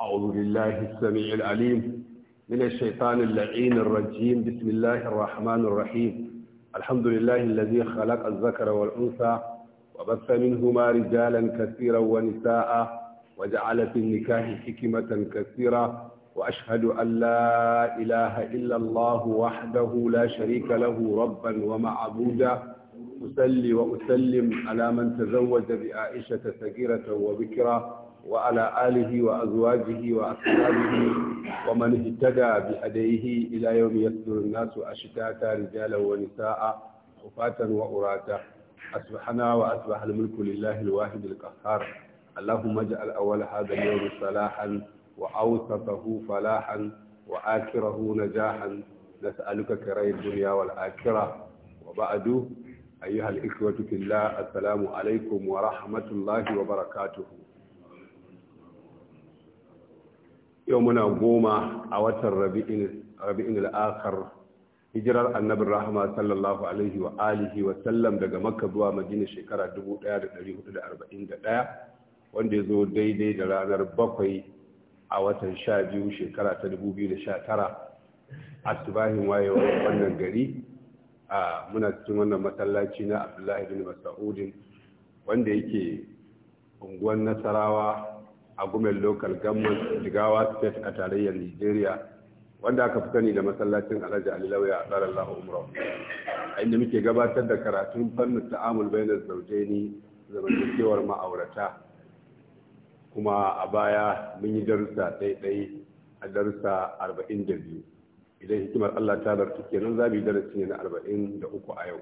أعوذ بالله السميع العليم من الشيطان اللعين الرجيم بسم الله الرحمن الرحيم الحمد لله الذي خلق الذكر والأنثى وبث منهما رجالا كثيرا ونساء وجعل في النكاح حكمة كثيرة وأشهد أن لا إله إلا الله وحده لا شريك له ربا ومعبودا أسلي وأسلم على من تزوج بآئشة سكيرة وبكرة وعلى آله وأزواجه وأصحابه ومن اهتدى بهديه إلى يوم يصدر الناس أشتاتا رجالا ونساء حفاة وأراتا أصبحنا وأصبح الملك لله الواحد القهار اللهم اجعل أول هذا اليوم صلاحا وأوسطه فلاحا وآخره نجاحا نسألك كري الدنيا والآخرة وبعد أيها الإخوة في الله السلام عليكم ورحمة الله وبركاته yau muna goma a watan rabi'in al'akar hijirar annabin rahama sallallahu alaihi wa alihi wa sallam daga makka zuwa madina shekara 1441 wanda ya zo daidai da ranar bakwai a watan sha biyu shekara ta 2019 asibahin wayewar wannan gari a muna cikin wannan masallaci na abdullahi bin masa'udin wanda yake unguwan nasarawa a gumen local government jigawa state a tarayyar nigeria wanda aka fi sani da masallacin alhaji ali lauya a lahu umra a inda muke gabatar da karatun fannin ta'amul bainar zaujeni zamantakewar ma'aurata kuma a baya mun yi darussa ɗaiɗai a darussa arba'in da biyu idan hikimar allah ta zartu kenan za mu yi darasi ne na arba'in da uku a yau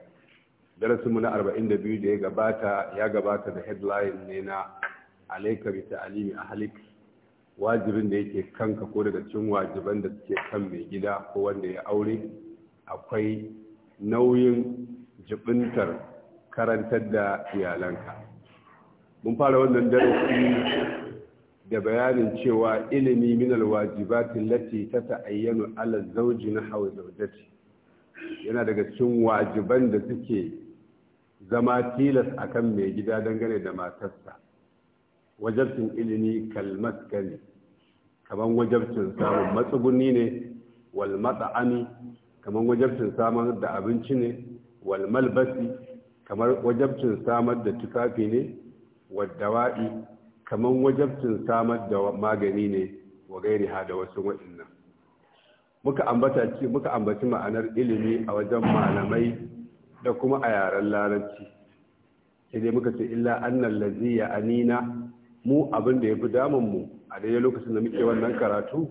darasinmu na arba'in da biyu da ya gabata ya gabata da headline ne na alaika bi ta'alimi ahlik wajibin da yake kanka ko daga cikin wajiban da suke kan mai gida ko wanda ya aure akwai nauyin jibintar karantar da iyalanka mun fara wannan darasi da bayanin cewa ilimi min alwajibatin lati ta ta'ayyanu ala zawji na hawa zawjati yana daga cikin wajiban da suke zama tilas akan mai gida dangane da matarsa wajabcin ilimi kalmaskari kamar wajabcin samun matsuguni ne wal matsa'ami kaman wajabcin samar da abinci ne wal malbasi kamar wajabcin samar da tufafi ne waddawa'i kamar wajabcin samar da magani ne wa gairi ha da wasu waɗannan muka ambata muka ambaci ma'anar ilimi a wajen malamai da kuma a yaren larabci sai dai muka ce illa annal ladhi ya anina mu abin da ya fi damun mu a daidai lokacin da muke wannan karatu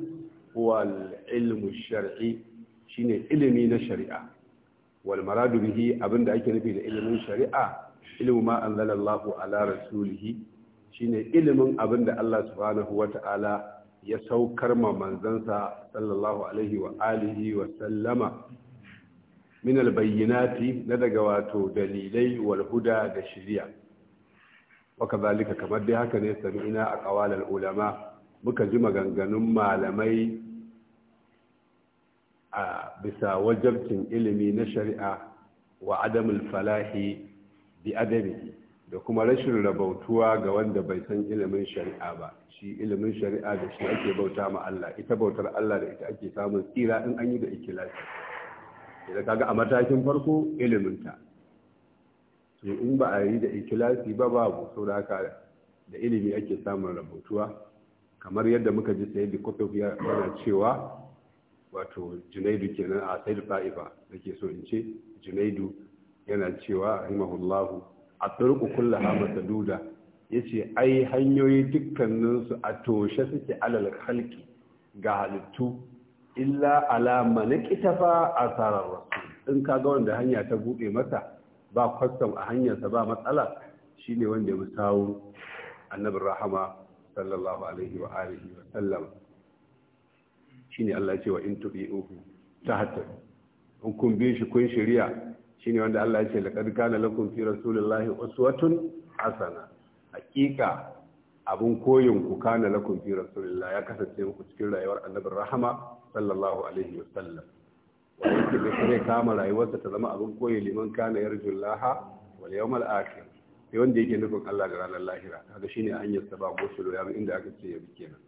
wal ilmu shar'i shine ilimi na shari'a wal maradu bihi abin da ake nufi da ilimin shari'a ilmu ma Allah ala rasulihi shine ilimin abin da Allah subhanahu wata'ala ya saukar ma manzansa sallallahu alaihi wa alihi wa sallama min albayyinati na daga wato dalilai wal huda da shari'a waka zalika kamar dai haka ne sami'ina a kawalar ulama muka ji maganganun malamai a bisa wajabcin ilimi na shari'a wa adamul falahi bi adami da kuma rashin rabautuwa ga wanda bai san ilimin shari'a ba shi ilimin shari'a da shi ake bauta ma Allah ita bautar Allah da ita ake samun tsira in an yi da ikilasi idan kaga a matakin farko iliminta in ba a yi da ikilasi ba babu sau da ilimi ake samun rabotuwa kamar yadda muka ji sai da kofin yana cewa wato junaidu kenan a sai da fa'ifa da ke so in ce junaidu yana cewa a rahimahullahu a turku kulla ha Duda, ya ce ai hanyoyi dukkaninsu a toshe suke alal halki ga halittu illa alama na kitafa a tsarar In ka ga wanda hanya ta buɗe masa ba kwastam a hanyarsa ba matsala shi ne wanda ya sawo annabin rahama sallallahu alaihi wa alihi wa sallam shi ne Allah ce wa in tubi'uhu tahatta in kun bi shi kun shari'a shine wanda Allah ya ce laqad na lakum fi rasulillahi uswatun hasana hakika abin koyin ku kana lakum fi rasulillahi ya kasance muku cikin rayuwar annabin rahama sallallahu alaihi wa sallam wanda da kare kama rayuwarsa ta zama abin koyi liman kana yarjullaha wal yawmal akhir sai wanda yake nufin Allah da ranar lahira kaga shine hanyar sa ba gosulo ya inda aka ce ya bi nan.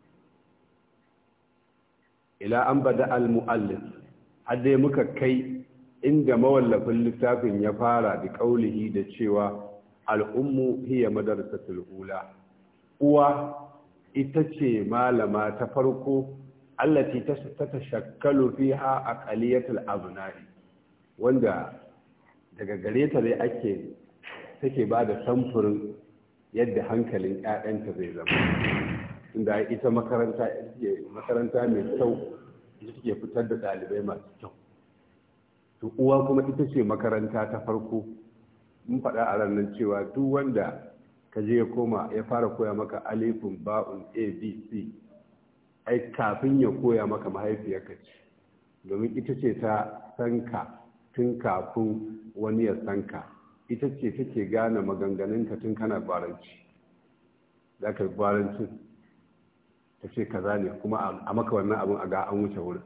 ila an bada al muallif har dai muka kai inda mawallafin littafin ya fara da kaulihi da cewa al ummu hiya madrasatul ula uwa ita ce malama ta farko allati tatashakkalu fiha aqaliyatul abnari wanda daga gare ta ne ake take ba da samfurin yadda hankalin ƴaƴanta zai zama inda ita makaranta makaranta mai kyau ita take fitar da ɗalibai masu kyau to uwa kuma ita ce makaranta ta farko mun faɗa a ranar cewa duk wanda ka je ya koma ya fara koya maka alifin ba'un a b c ai kafin ya koya maka mahaifiyarka ce domin ita ce ta sanka tun kafin wani ya sanka ita ce take gane maganganunka tun kana gwaranci za ka gwarancin ta ce kaza ne kuma a maka wannan abin a ga an wuce wurin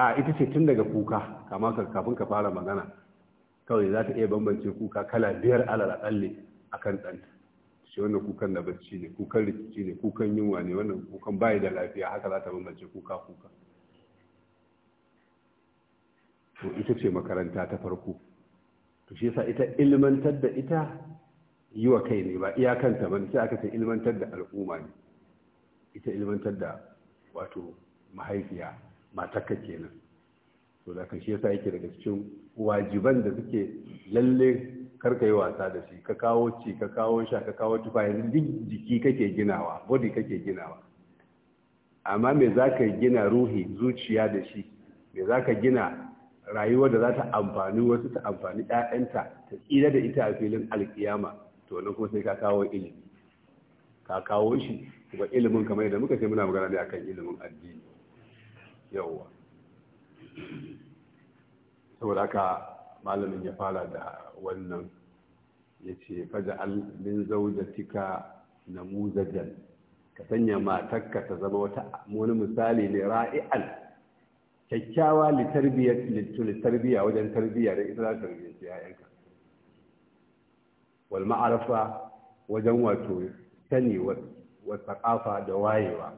a ita ce tun daga kuka kama kafin ka fara magana kawai za ta iya bambance kuka kala biyar alal a kan ɗanta ce wannan kukan na bacci ne kukan rikici ne kukan yunwa ne wannan kukan bayi da lafiya haka za ta bambance kuka kuka to ita ce makaranta ta farko to shi yasa ita ilmantar da ita yi wa kai ne ba iyakanta ba sai aka ce ilmantar da al'umma ne ita ilmantar da wato mahaifiya matakka kenan to da kan shi yasa yake daga cikin wajiban da suke lalle kar ka yi wasa da shi ka kawo ci ka kawo sha ka kawo tufa yanzu duk jiki kake ginawa body kake ginawa amma me za ka gina ruhi zuciya da shi me za ka gina rayuwar da za ta amfani wasu ta amfani ɗayanta ta tsira da ita a filin alkiyama to na kuma sai ka kawo ilimi ka kawo shi kuma ilimin kamar yadda muka ce muna magana ne akan ilimin addini yawwa saboda haka malamin ya fara da wannan ya ce faja min zaujatika na muzajan ka sanya matarka ta zama wata wani misali ne ra'i'al kyakkyawa litarbiya wajen tarbiya da ita za ta yayanka wal ma'arafa wajen wato sani wa da wayewa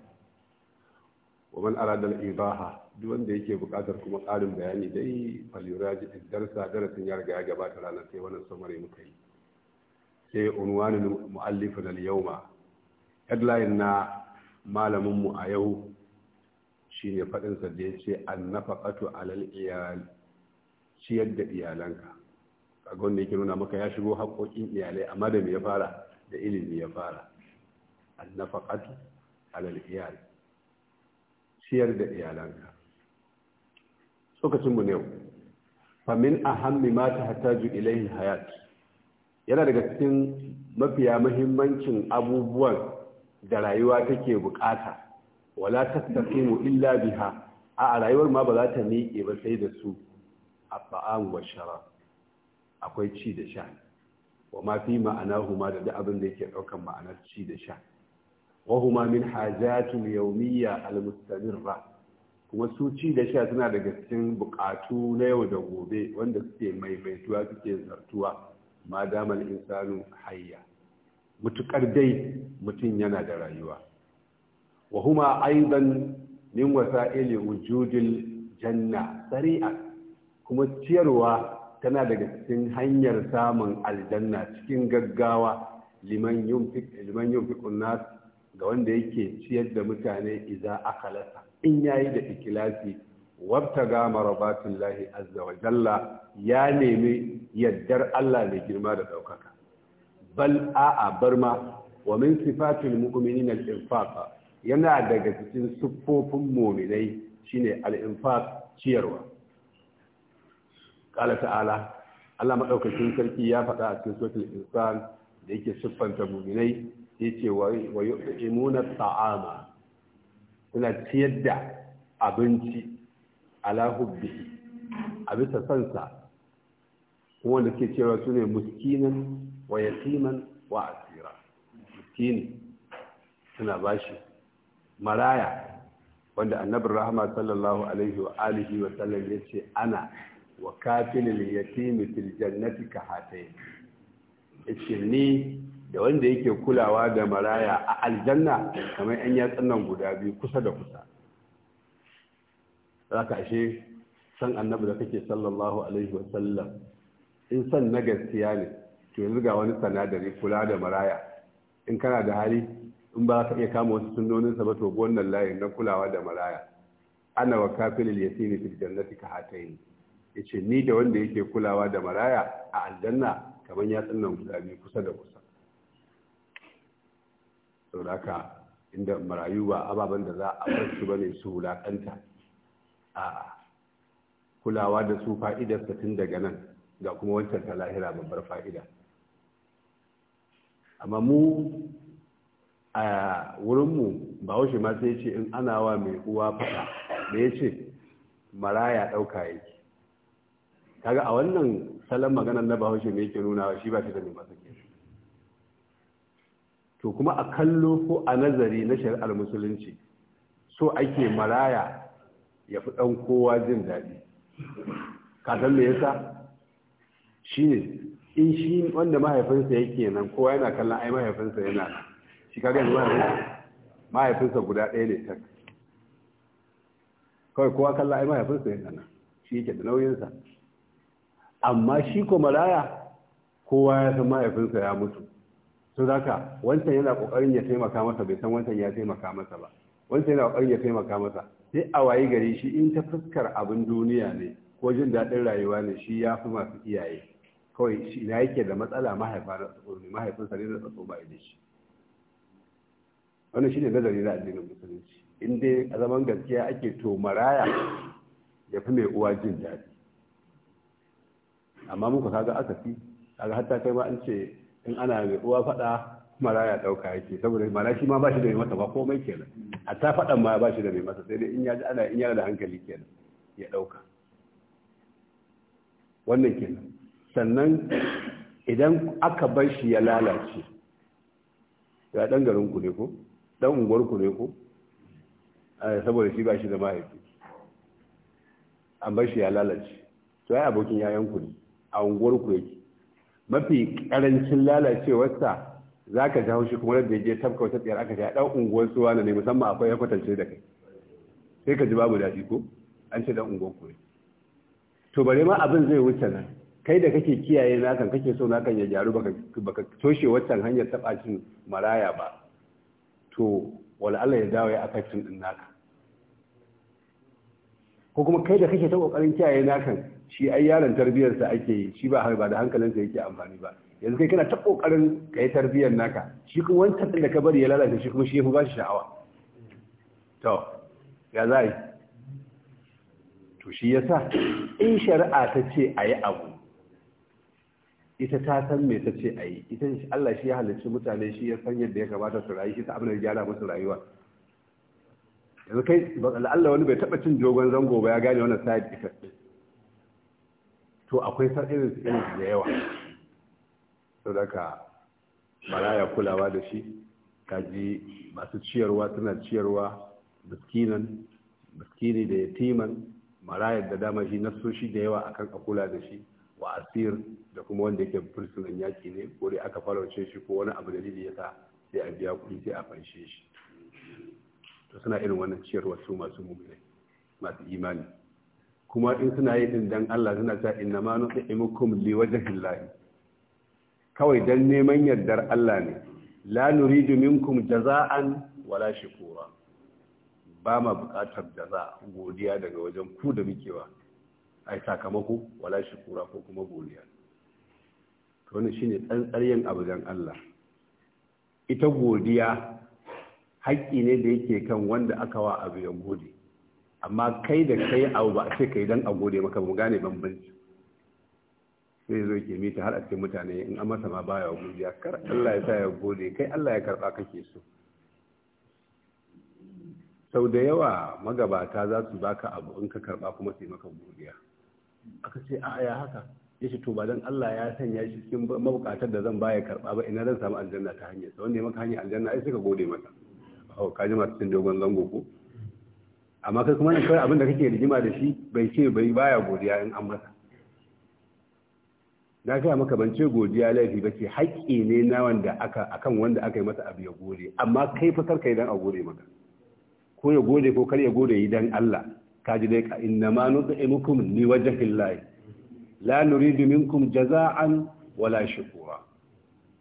wa man arada al-ibaha duk wanda yake buƙatar kuma ƙarin bayani dai faliraji darsa darasin ya riga ya gabata ranar sai wannan samari muka yi sai unwanin mu'allifin al-yawma headline na malamin mu a yau shine fadin sa da yace annafaqatu alal iyal ciyar da iyalanka kaga wanda yake nuna maka ya shigo haƙoƙin iyalai amma da me ya fara da ilimi ya fara annafaqatu alal iyal ciyar da iyalanka lokacinmu ne famin ahammi ma ta hataju ilaihi hayat yana daga cikin mafiya mahimmancin abubuwan da rayuwa take bukata wala tattaqimu illa biha a rayuwar ma ba za ta miƙe ba sai da su abba'am wa shara akwai ci da sha wa ma fi ma'ana huma da abin da yake daukan ma'anar ci da sha wa huma min hajatul yawmiyya al-mustamirra kuma su ci da sha suna daga cikin bukatu na yau da gobe wanda suke maimaituwa suke zartuwa ma damar insanu hayya mutukar dai mutum yana da rayuwa wa huma aidan min wasa'ili wujudil janna sari'a kuma ciyarwa tana daga cikin hanyar samun aljanna cikin gaggawa liman yunfiq liman ga wanda yake ciyar da mutane idza akalasa in yayi da ikilasi wabtaga lahi azza wa jalla ya nemi yaddar Allah mai girma da daukaka bal a'a barma wa min sifatil mu'minina al-infaq yana daga cikin siffofin mu'minai shine al-infaq ciyarwa qala ta'ala Allah madaukakin sarki ya faɗa a cikin suratul insan da yake siffanta mu'minai yace wa yu'minuna ta'ama suna ciyar da abinci ala hubbi a bisa sansa kuma da ke cewa su ne muskinan wa yasiman wa asira miskini suna ba shi. maraya wanda annabin rahama sallallahu alaihi wa alihi wa sallam ya ce ana wa kafilil yatimi fil jannati ka hatayi ce ni da wanda yake kulawa da maraya a aljanna kamar yan yatsan nan guda biyu kusa da kusa za ka ashe san annabi da kake sallallahu alaihi wasallam in san na gaskiya ne to yanzu wani sanadari kula da maraya in kana da hali in ba ka iya kama wasu sa ba to wannan layin na kulawa da maraya ana wa kafilil yasini fil jannati ka hatayin yace ni da wanda yake kulawa da maraya a aljanna kamar yatsun nan guda biyu kusa da kusa sauraka inda marayu ba ababen da za a farsu ba ne su wulaƙanta a kulawa da su fa'idar tun daga nan ga kuma wancan ta lahira babbar fa'ida amma mu a wurinmu ba washe ma sai ce in ana wa mai uwa fata da ya ce maraya ɗauka yake kaga a wannan salon maganar na bahaushe mai yake nuna shi ba shi da mai masaki to kuma a kallo ko a nazari na shari'ar musulunci so ake maraya ya fi ɗan kowa jin daɗi kasan me yasa ne in shi wanda mahaifinsa yake nan kowa yana kallon ai mahaifinsa yana shi kaga yanzu mahaifinsa mahaifinsa guda ɗaya ne tak kawai kowa kallon ai mahaifinsa yana nan shi yake da nauyinsa amma shi ko maraya kowa ya san mahaifinsa ya mutu to zaka wancan yana kokarin ya taimaka masa bai san wancan ya taimaka masa ba wancan yana kokarin ya taimaka masa sai a wayi gari shi in ta fuskar abin duniya ne ko jin daɗin rayuwa ne shi ya fi masu iyaye kawai shi na yake da matsala mahaifa na tsoro mahaifinsa ne na tsoro ba da shi wannan shine nazari na addinin musulunci in dai a zaman gaskiya ake to maraya ya fi mai uwa jin daɗi amma muka kaga aka fi kaga hatta kai ma an ce in ana mai uwa faɗa maraya ɗauka yake saboda mara shi ma ba shi da mai masa ba komai kenan ta faɗan ma ba shi da mai masa sai dai in ya ji ana in yana da hankali kenan ya ɗauka wannan kenan sannan idan aka bar shi ya lalace ya ɗan garin ku ne ko ɗan unguwar ku ne ko eh, saboda shi ba shi da mahaifi an bar shi ya lalace to ya abokin yayan ku ne a unguwar ku yake mafi karancin lalacewarsa za ka ji haushi kuma da je tafka wata tsayar aka ja ɗan unguwar suwa ne musamman akwai ya kwatance da kai sai ka ji babu daɗi ko an ce ɗan unguwar ku to bare ma abin zai wuce nan kai da kake kiyaye nakan kake so nakan ya gyaru baka toshe waccan hanyar taɓa cin maraya ba to wala Allah ya dawo ya akasin din naka ko kuma kai da kake ta kokarin kiyaye nakan shi ai yaron tarbiyarsa ake yi shi ba ba da hankalinsa yake amfani ba yanzu kai kana ta kokarin ka yi tarbiyar naka shi kuma wani tattalin da ka bari ya lalata shi kuma shi yafi ba shi sha'awa to ya za yi to shi ya sa in shari'a ta ce a yi abu ita ta san me ta ce a yi ita Allah shi ya halarci mutane shi ya san yadda ya kamata su rayu shi ta abin da gyara musu rayuwa yanzu kai allah wani bai taɓa cin dogon zango ba ya gane wannan side effect to akwai san irin su irin da yawa saboda maraya kulawa da shi ka ji masu ciyarwa tana ciyarwa miskinan miskini da yatiman marayar da dama shi nasoshi da yawa akan a kula da shi wa asir da kuma wanda yake fursunan yaki ne ko dai aka farauce shi ko wani abu dalili yasa sai a biya kuɗi sai a fanshe shi to suna irin wannan ciyarwa su masu mummune masu imani kuma in suna yi din dan Allah suna ta inna ma nut'imukum liwajhillahi kawai dan neman yardar Allah ne la nuridu minkum jaza'an wala shukura ba ma buƙatar jaza godiya daga wajen ku da muke ba ai sakamako wala shukura ko kuma godiya to wannan shine tsantsaryen abu dan Allah ita godiya haƙƙi ne da yake kan wanda aka wa abu ya gode amma kai da kai abu ba a ce kai don a gode maka ba mu gane bambanci sai zo ke mita har a cikin mutane in an masa ma baya godiya kar Allah ya sa ya gode kai Allah ya karba kake so sau da yawa magabata za su baka abu in ka karba kuma sai maka godiya aka ce a ya haka ya shi to ba don Allah ya sanya shi cikin mabukatar da zan baya karba ba ina zan samu aljanna ta hanyar sa wanda ya maka hanyar aljanna ai suka gode masa oh kaji masu cin dogon zango ko amma kai kuma nan kawai abin da kake rigima da shi bai ce bai baya godiya in an masa na kai maka ban ce godiya laifi ba ce haƙƙi ne na wanda aka akan wanda aka yi masa abu ya gode amma kai fa karka idan a gode maka ko ya gode ko kar ya gode idan Allah ka ji dai ka inna ma nut'imukum li wajhi Allah la nuridu minkum jaza'an wala shukura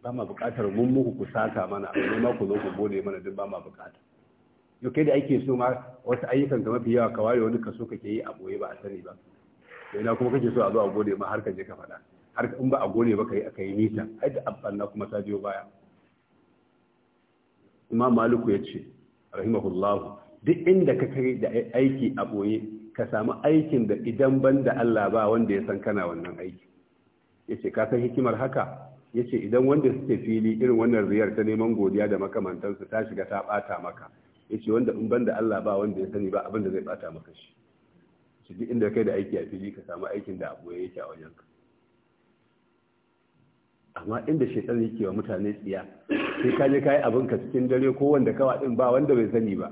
ba ma buƙatar mun muku ku saka mana amma ku zo ku gode mana duk ba ma buƙata to kai da ake so ma wasu ayyukan ga mafi yawa ka ware wani kaso kake yi a boye ba a sani ba to ina kuma kake so a zo a gode ma har ka je ka faɗa har in ba a gode ba kai yi nita ai da na kuma ta baya imam maliku ya ce rahimahullah duk inda ka kai da aiki a boye ka samu aikin da idan ban da Allah ba wanda ya san kana wannan aiki yace ka san hikimar haka yace idan wanda suke fili irin wannan riyar ta neman godiya da makamantansu ta shiga ta bata maka ce wanda in banda Allah ba wanda ya sani ba abinda zai bata maka shi su duk inda kai da aiki a fili ka samu aikin da abu yake a ka amma inda shaitan yake wa mutane tsiya sai ka je kai abin ka cikin dare ko wanda kawa din ba wanda bai sani ba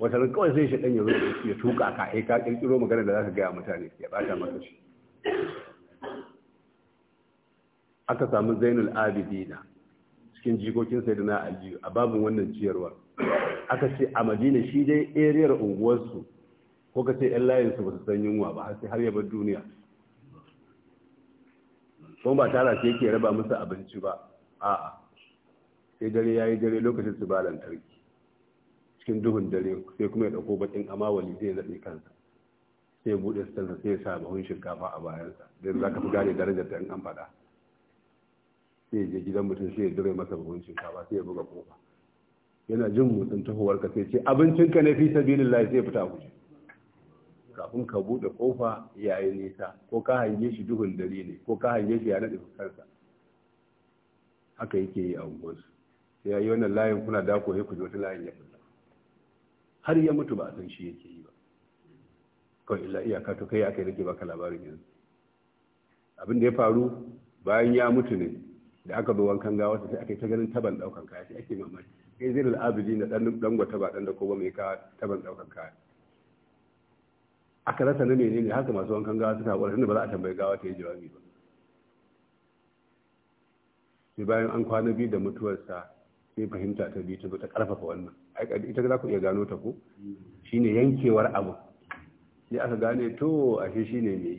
wata ran kawai sai shaitan ya zo ya tuka ka ai ka kirkiro magana da zaka ga mutane ya bata maka shi aka samu Zainul Abidina cikin jikokin Sayyidina Ali a babin wannan ciyarwar aka ce a madina shi dai ariyar unguwarsu ko ka ce 'yan layinsu ba su san yunwa ba har sai har yabar duniya ko ba tara ce yake raba musu abinci ba a'a sai dare ya yi dare lokacin su ba lantarki cikin duhun dare sai kuma ya dauko bakin amawali zai naɗe kansa sai ya buɗe stansa sai ya sa bahun shinkafa a bayansa zai za ka fi gane darajar da an faɗa sai ya je gidan mutum sai ya dure masa bahun shinkafa sai ya buga kofa yana jin motsin tahowar ka sai ce abincin ka na fi sabilillah sai fita guje kafin ka bude kofa yayin nisa ko ka hange shi duhun dare ne ko ka hange shi ya nade fuskarsa haka yake yi a unguwarsu sai ya yi wannan layin kuna dako sai ku ji wata layin ya fita har ya mutu ba a san shi yake yi ba kawai illa iyaka to kai aka yi nake baka labarin yanzu abin da ya faru bayan ya mutu ne da aka zo wankan gawa sai aka yi ta ganin taban daukan kaya sai ake mamaki kai zai al'abidi na ɗan dangwata ba ɗan da kowa mai ka taban ɗaukar kaya aka rasa na mene ne haka masu wankan gawa suka haƙura tunda ba za a tambayi gawa ta yi jawabi ba sai bayan an kwana biyu da mutuwarsa sai fahimta ta biyu ta zo ta ƙarfafa wannan ita za ku iya gano ta ko shine yankewar abu sai aka gane to ashe shine me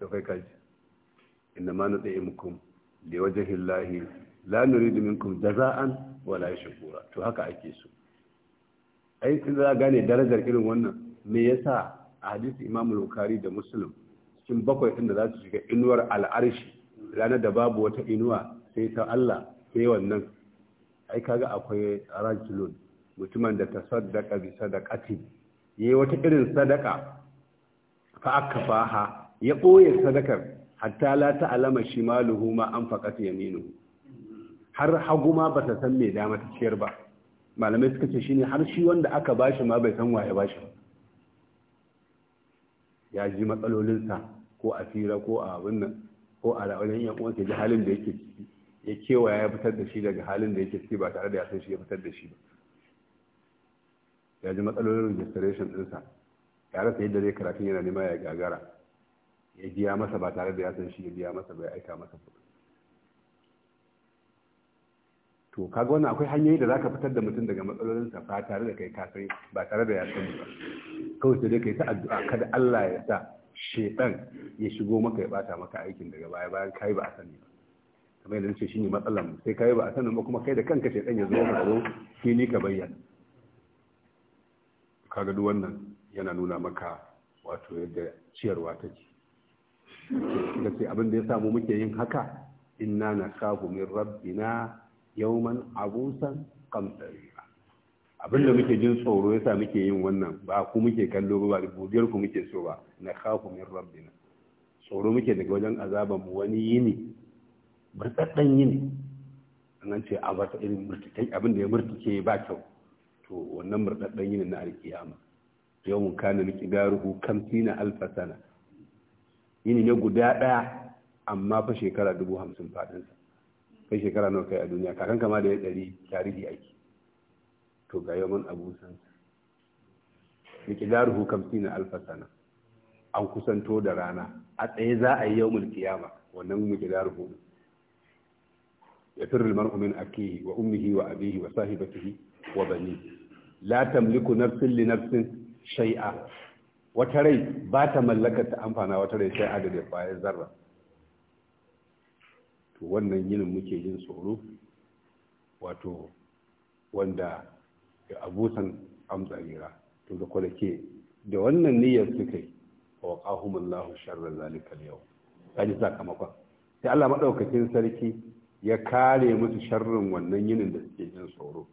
da kai kaji inna ma nutaimukum li wajhillahi la nuridu minkum jaza'an wala ya shugura, to haka ake so ai sai za gane darajar irin wannan me yasa a hadisi Imam Bukhari da Muslim cikin bakwai din da za su shiga inuwar al'arshi ranar da babu wata inuwa sai ta Allah sai wannan ai kaga akwai rajulun mutumin da tasaddaqa bi sadaqati yayi wata irin sadaka fa akafaha ya boye sadakar hatta la ta'lama shimaluhu ma anfaqat yaminuhu har hagu ma ba ta san me dama ta ciyar ba malamai suka ce shine har shi wanda aka bashi ma bai san waye bashi ya ji matsalolinsa ko a fira ko a abin nan ko a wajen yan uwansa ji halin da yake ciki ya kewaya ya fitar da shi daga halin da yake ciki ba tare da ya san shi ya fitar da shi ba ya ji matsalolin registration dinsa ya rasa yadda zai karatun yana nema ya gagara ya biya masa ba tare da ya san shi ya biya masa bai aika masa kuɗi to kaga wannan akwai hanyoyi da zaka fitar da mutum daga matsalolin sa ba tare da kai ka ba tare da ya ba kawai sai dai kai ta addu'a kada Allah ya sa shedan ya shigo maka ya bata maka aikin daga baya bayan kai ba a sani ba kamar yadda nace shine matsalar mu sai kai ba a sani ba kuma kai da kanka shedan ya zo maka zo ne ka bayyana kaga duk wannan yana nuna maka wato yadda ciyarwa take da sai abin da ya samu muke yin haka inna nakahu min rabbina yawman abusan kamsariya abin da muke jin tsoro yasa muke yin wannan ba ku muke kallo ba godiyar ku muke so ba na khafu min rabbina tsoro muke daga wajen azaban mu wani yini murtaddan yini an ce a ba irin murtakai abin da ya murtake ba kyau to wannan murtaddan yini na alkiyama yawun kana miqdaruhu kamsina alfa sana yini ne guda daya amma fa shekara dubu hamsin fadinsa kai shekara nawa kai a duniya kakan kama da ya ɗari tarihi aiki to ga yawan abu san miqdaruhu 50 na alfasana. an kusanto da rana a tsaye za a yi mulki qiyama wannan miqdaruhu yafirru almar'u min akihi wa ummihi wa abihi wa sahibatihi wa banihi la tamliku nafsin li nafsin shai'a wata rai ba ta mallaka ta amfana wata rai sai adadin kwayar zarra to wannan yinin muke yin tsoro wato wanda da abusan amzarira to da ke da wannan niyyar suka yi wa ƙahumallahu sharrar zalikal yau ta ji sakamakon sai allah maɗaukakin sarki ya kare musu sharrin wannan yinin da suke yin tsoro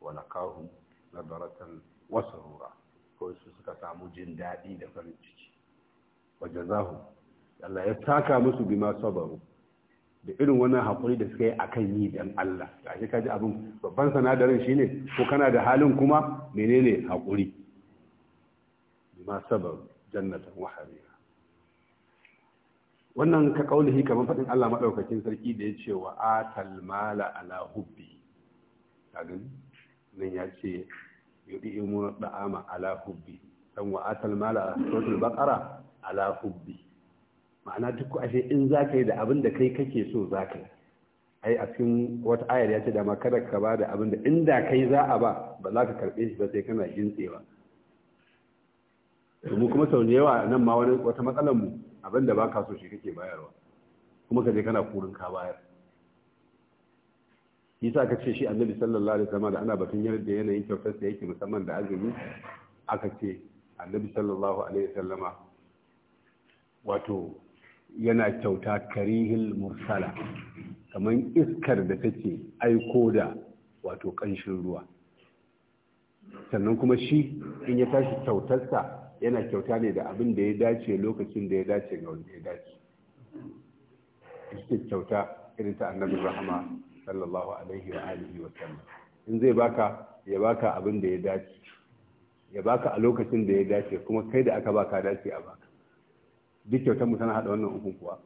wala kahun baratan wasu rura ko su suka samu jin daɗi da farin ciki wajen zahu allah ya taka musu masu sabaru da irin wannan haƙuri da suka yi a kan yi dan Allah ga shi kaji abin babban sanadarin shi ne ko kana da halin kuma menene haƙuri ma sabar jannatan waharira wannan ka kaulihi kamar faɗin Allah maɗaukakin sarki da ya ce wa atal mala ala hubbi nan ya ce yuɗi imu da'ama ala hubbi dan wa atal mala suratul baqara ala hubbi ma'ana duk ashe in za ka yi da abin da kai kake so za ka yi ai a cikin wata ayar ya ce da kada ka ba da abin da inda kai za a ba ba za ka karɓe shi ba sai kana to mu kuma sau da yawa nan ma wani wata matsalar mu abin da baka so shi kake bayarwa kuma ka je kana kurin ka bayar yasa ka ce shi annabi sallallahu alaihi wasallam da ana batun yarda yanayin kyautar da yake musamman da azumi aka ce annabi sallallahu alaihi wasallama wato yana kyauta karihil mursala kamar iskar da take aiko da wato ƙanshin ruwa sannan kuma shi in ya tashi kyautarsa yana kyauta ne da abin da ya dace lokacin da ya dace ga wanda ya dace iskar kyauta irin ta annabin rahama sallallahu alaihi wa alihi wa sallam in zai baka ya baka abin da ya dace ya baka a lokacin da ya dace kuma kai da aka baka dace a baka duk kyautar mu tana wannan uku kuwa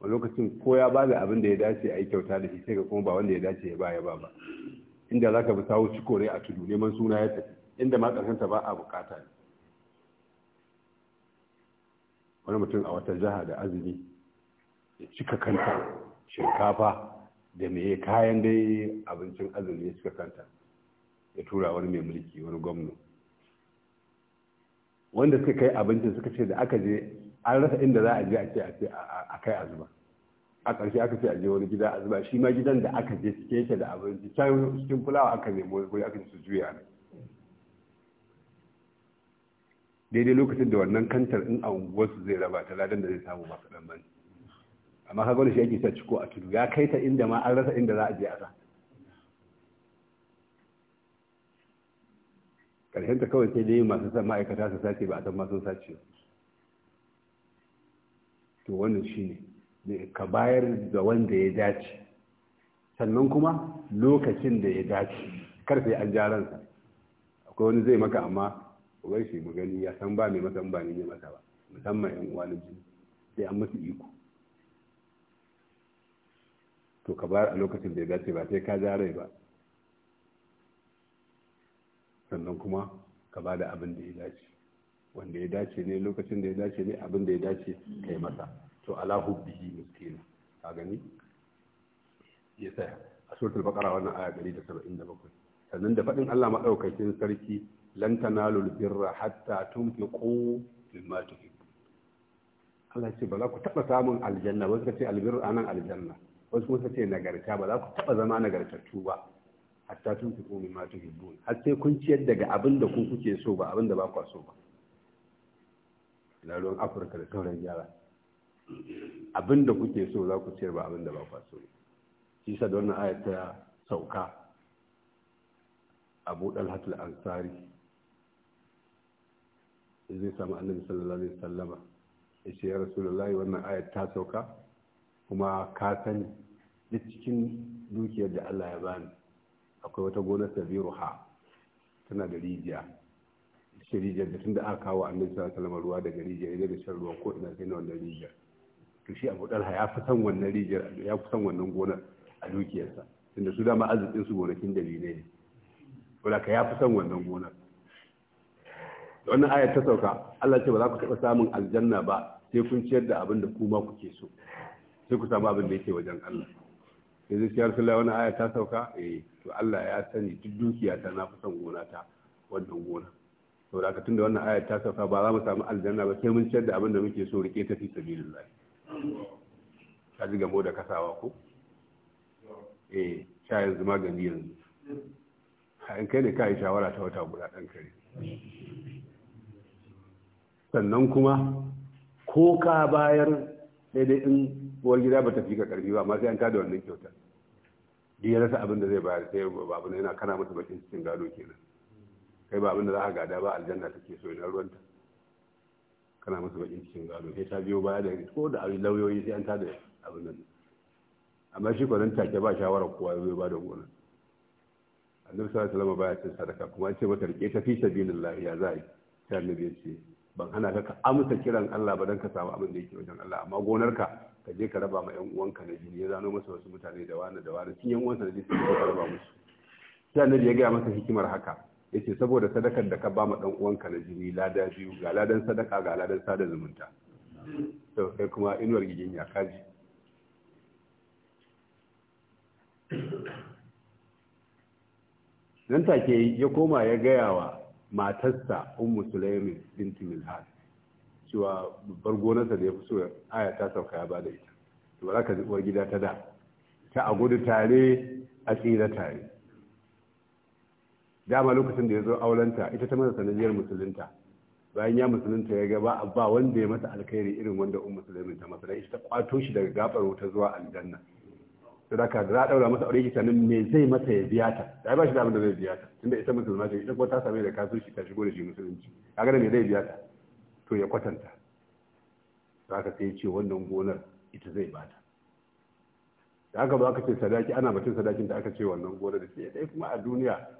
wani lokacin ko ya ba da abin da ya dace a yi kyauta da shi sai ga kuma ba wanda ya dace ya ba ya ba ba inda za ka bi sawo ci kore a tudu neman suna ya tafi inda ma ƙarshenta ba a buƙata ne wani mutum a wata jiha da azumi ya cika kanta shinkafa da mai kayan dai abincin azumi ya cika kanta ya tura wani mai mulki wani gwamna wanda suka kai abincin suka ce da aka je an rasa inda za a je a ce a ce a kai a zuba a ƙarshe aka ce a je wani gida a zuba shi ma gidan da aka je cike yake da abinci can cikin fulawa aka nemo wani aka su juya ne daidai lokacin da wannan kantar in a unguwarsu zai raba ta ladan da zai samu masu ɗan bani amma ka gwada shi yake sa ciko a tudu ya kai ta inda ma an rasa inda za a je a sa ƙarshen ta kawai sai dai masu san ma'aikata su sace ba a san masu sace to wannan ne, ka bayar da wanda ya dace sannan kuma lokacin da ya dace karfe an jaransa akwai wani zai maka amma wai shi mu gani ya san ba mai masa ba ne masa ba musamman yan uwa jini sai an musu iko to ka bayar a lokacin da ya dace ba sai ka jarai ba sannan kuma ka ba da abin da ya dace wanda ya dace ne lokacin da ya dace ne abin da ya dace ka yi masa to Alahu bihi, miskina ka gani ya tsaya a suratul baqara wannan aya 177 sannan da fadin Allah madaukakin sarki lan tanalul birra hatta tunfiqu mimma tuhibbu Allah ce ba za ku taba samun aljanna wasu ce albirru anan aljanna wasu kuma ce nagarta ba za ku taba zama nagartattu ba hatta tunfiqu mimma tuhibbu har sai kun ciyar daga abin da ku kuke so ba abin da ba ku so ba na ruwan afirka da sauran gyara abinda kuke so za ku ciyar ba abinda ba kwa so shi sa da wannan ayata ya sauka abu dalhatul ansari zai samu annabi sallallahu alaihi sallama. ya ce ya rasulullahi wannan ayat ta sauka kuma ka sani duk cikin dukiyar da Allah ya bani akwai wata gonar sabiruha tana da rijiya cikin rijiyar da tun da aka kawo annabi sallallahu salama ruwa daga rijiyar ya daga shan ruwan ko ina sai na wannan rijiyar to shi Abu Dalha ya fi san wannan rijiyar ya fi san wannan gonar a dukiyarsa tunda su dama arzikin su gonakin dalilai ne wala ka ya fi san wannan gonar wannan ayar ta sauka Allah ce ba za ku taɓa samun aljanna ba sai kun ciyar da abin da kuma kuke so sai ku samu abin da yake wajen Allah sai zai ciyar sallah wannan ayar ta sauka eh to Allah ya sani duk dukiya ta na fi son gona ta wannan gona saboda haka tunda wannan ayat ta sauka ba za mu samu aljanna ba sai mun ciyar da abin da muke so rike ta fi sabilillah ka ji gamo da kasawa ko eh sha yanzu magani yanzu in kai ne ka yi shawara ta wata guda ɗan kare sannan kuma ko ka bayar sai dai in uwar gida ba ta fi ka karfi ba masu sai an wannan kyautar duk ya rasa abin da zai bayar sai babu yana kana mata bakin cikin gado kenan kai ba abinda za ka gada ba aljanna take so ina ruwanta kana musu bakin cikin gado sai ta biyo baya da ko da lauyoyi sai an ta da abin nan amma shi kwanan take ba shawarar kowa ya ba da gona annabi sallallahu alaihi wasallam baya cin sadaka kuma an ce mata rike ta fi sabilillah ya zai sai annabi ya ce ban hana ka ka amsa kiran Allah ba dan ka samu abin da yake wajen Allah amma gonarka ka je ka raba ma yan uwanka na jini ya zano masa wasu mutane da wani da wani sun ƴan uwansa na jini sai ka raba musu sai annabi ya gaya masa hikimar haka yace saboda sadakar da ka ba ma dan uwanka na jini lada biyu ga ladan sadaka ga ladan sada zumunta to sai kuma inuwar gigin ya kaji nan take ya koma ya gaya wa matarsa ummu sulaimin binti milhad cewa babbar gonarsa da ya fi so aya ta sauka ya bada ita to ba za ka ji uwar gida ta da ta a gudu tare a tsira tare dama lokacin da ya zo aurenta ita ta masa sanadiyar musulunta bayan ya musulunta ya gaba ba wanda ya masa alkhairi irin wanda un musulmin ta masa ita ta kwato shi daga gafar wuta zuwa aljanna to da ka za daura masa aure ita me zai masa ya biya ta da ba shi da abin da zai biya ta tunda ita musulma ce ita kuma ta same da shi ta shigo da shi musulunci kaga da me zai biya ta to ya kwatanta za ka sai ce wannan gonar ita zai ta? da aka ba aka ce sadaki ana batun sadakin da aka ce wannan gonar da ke ɗaya kuma a duniya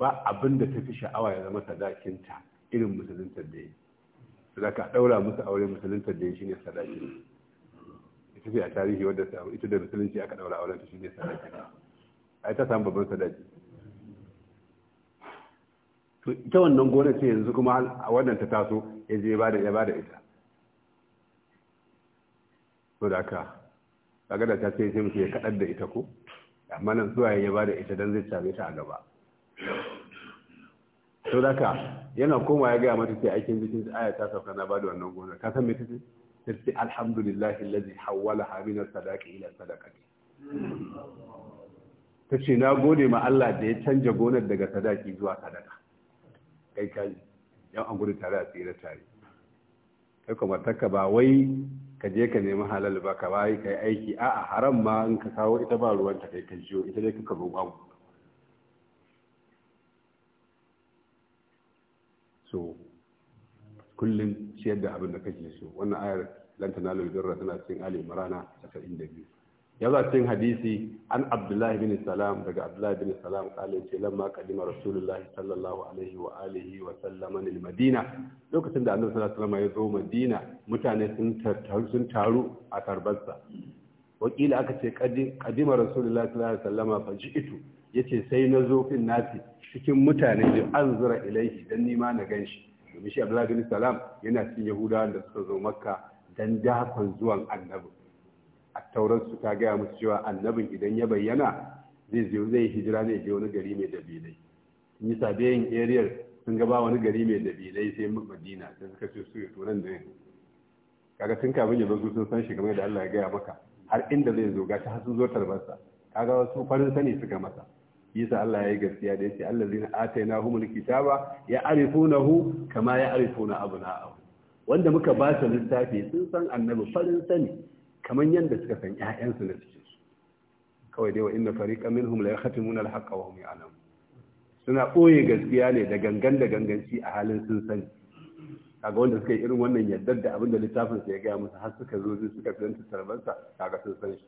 ba abin da ta fi sha'awa ya zama sadakinta irin musulunta da yi ka daura musu aure musulunta da yi ne sadakin ita ce a tarihi wadda ita da musulunci aka daura auren ta ne sadakin a ita samun babban sadaki to ita wannan gona ce yanzu kuma a wannan ta taso ya je ba da ya ba da ita Su da ka kaga ta ce ya ce mutu ya kaɗar da ita ko amma nan zuwa ya ba da ita don zai same ta a gaba to daka yana koma ya gaya mata ce aikin bikin aya ta sauka na bada wannan gonar ka san me ta ce alhamdulillahi allazi hawala min sadaqi ila ta ce na gode ma Allah da ya canja gonar daga sadaki zuwa sadaka kai kai yan an gudu tare a tsira tare kai kuma takka ba wai ka je ka nemi halal ba ka bai kai aiki a'a haram ma in ka kawo ita ba ruwan ta kai ka jiyo ita dai kaka roƙa so kullum ciyar da abin da kake so wannan ayar lan tanalu birra tana cikin ali da biyu. ya za cikin hadisi an abdullahi bin salam daga abdullahi bin salam kala ce lamma qadima rasulullahi sallallahu alaihi wa alihi wa sallama lil madina lokacin da annabi sallallahu alaihi wasallam ya zo madina mutane sun taru sun taru a tarbarsa wakila aka ce kadima rasulullah sallallahu alaihi wasallama fa ji'tu yace sai na zo fin nasi cikin mutane da anzura ilaihi dan nima na ganshi domin shi abdullahi bin salam yana cikin yahudawa da suka zo makka dan dakon zuwan annabi a su ta gaya musu cewa annabin idan ya bayyana zai zo zai hijira ne je wani gari mai dabilai yi sabiyan ariyar sun gaba wani gari mai dabilai sai madina sai suka ce su yi tunan da kaga tun kafin ya zo sun san shi kamar da Allah ya gaya maka har inda zai zo gashi har sun zo tarbarsa kaga wasu farin sani suka masa yasa Allah ya yi gaskiya da yace allazina atainahumul kitaba ya'rifunahu kama ya'rifuna abna'ahum wanda muka ba su littafi sun san annabi farin sani kamar yadda suka san 'ya'yansu na cikin su kawai dai wa inna fariqan minhum la yakhatimuna al-haqqa wa hum ya'lamun suna ɓoye gaskiya ne da gangan da ganganci a halin sun sani kaga wanda suka yi irin wannan yaddar da abin da littafin ya gaya musu har suka zo suka tsanta tarbarsa kaga sun san shi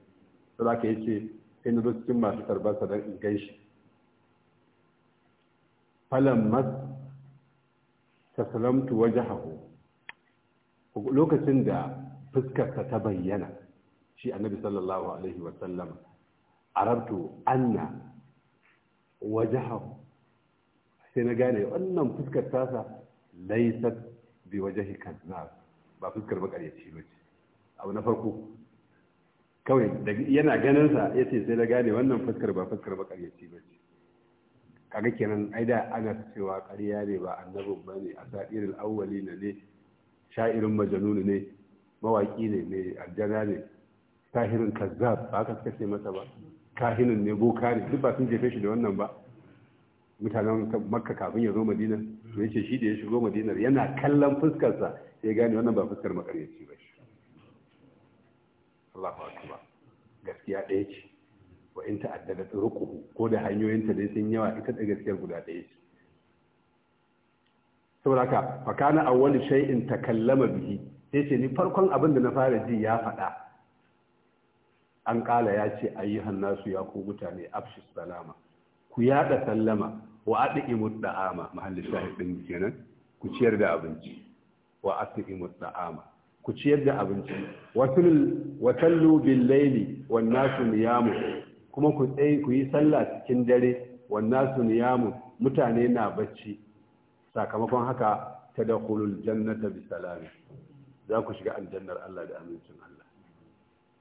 to yi ce, sai na zo cikin masu tarbarsa don in gan shi falan tasalamtu waje wajhahu lokacin da fuskarsa ta bayyana shi annabi sallallahu alaihi wa sallam arabtu anna wajhahu sai na gane wannan fuskar tasa laisat bi hikan na ba fuskar makaryaci ba ce abu na farko kawai yana ganin sa ya ce sai na gane wannan fuskar ba fuskar makaryaci ba ce kaga kenan ai da ana cewa ƙarya ne ba annabin ba ne a sa'irin awwali ne ne sha'irin majanunu ne mawaƙi ne ne aljana ne sahirin kazzab ba ka suka ce masa ba kahinin ne boka ne duk ba sun jefe shi da wannan ba mutanen makka kafin ya zo madina to yake shi da ya shigo madinar yana kallon fuskarsa ya gane wannan ba fuskar makaryaci ba Allahu akbar gaskiya ɗaya ce wa in ta'addada turuquhu ko da hanyoyinta dai sun yawa ita da gaskiyar guda ɗaya ce saboda ka fakana kana awwal shay'in takallama bihi ce ni farkon abin da na fara ji ya faɗa an ƙala ya ce ayyuhan nasu ya ku mutane afshi salama ku yaɗa sallama wa adimu da'ama mahallin shahid din kenan ku ciyar da abinci wa asimu da'ama ku ciyar da abinci wa tallu bil laili wan nasu niyamu kuma ku tsaye ku yi sallah cikin dare wan nasu niyamu mutane na bacci sakamakon haka tadkhulul jannata bi salami za ku shiga aljannar Allah da amincin Allah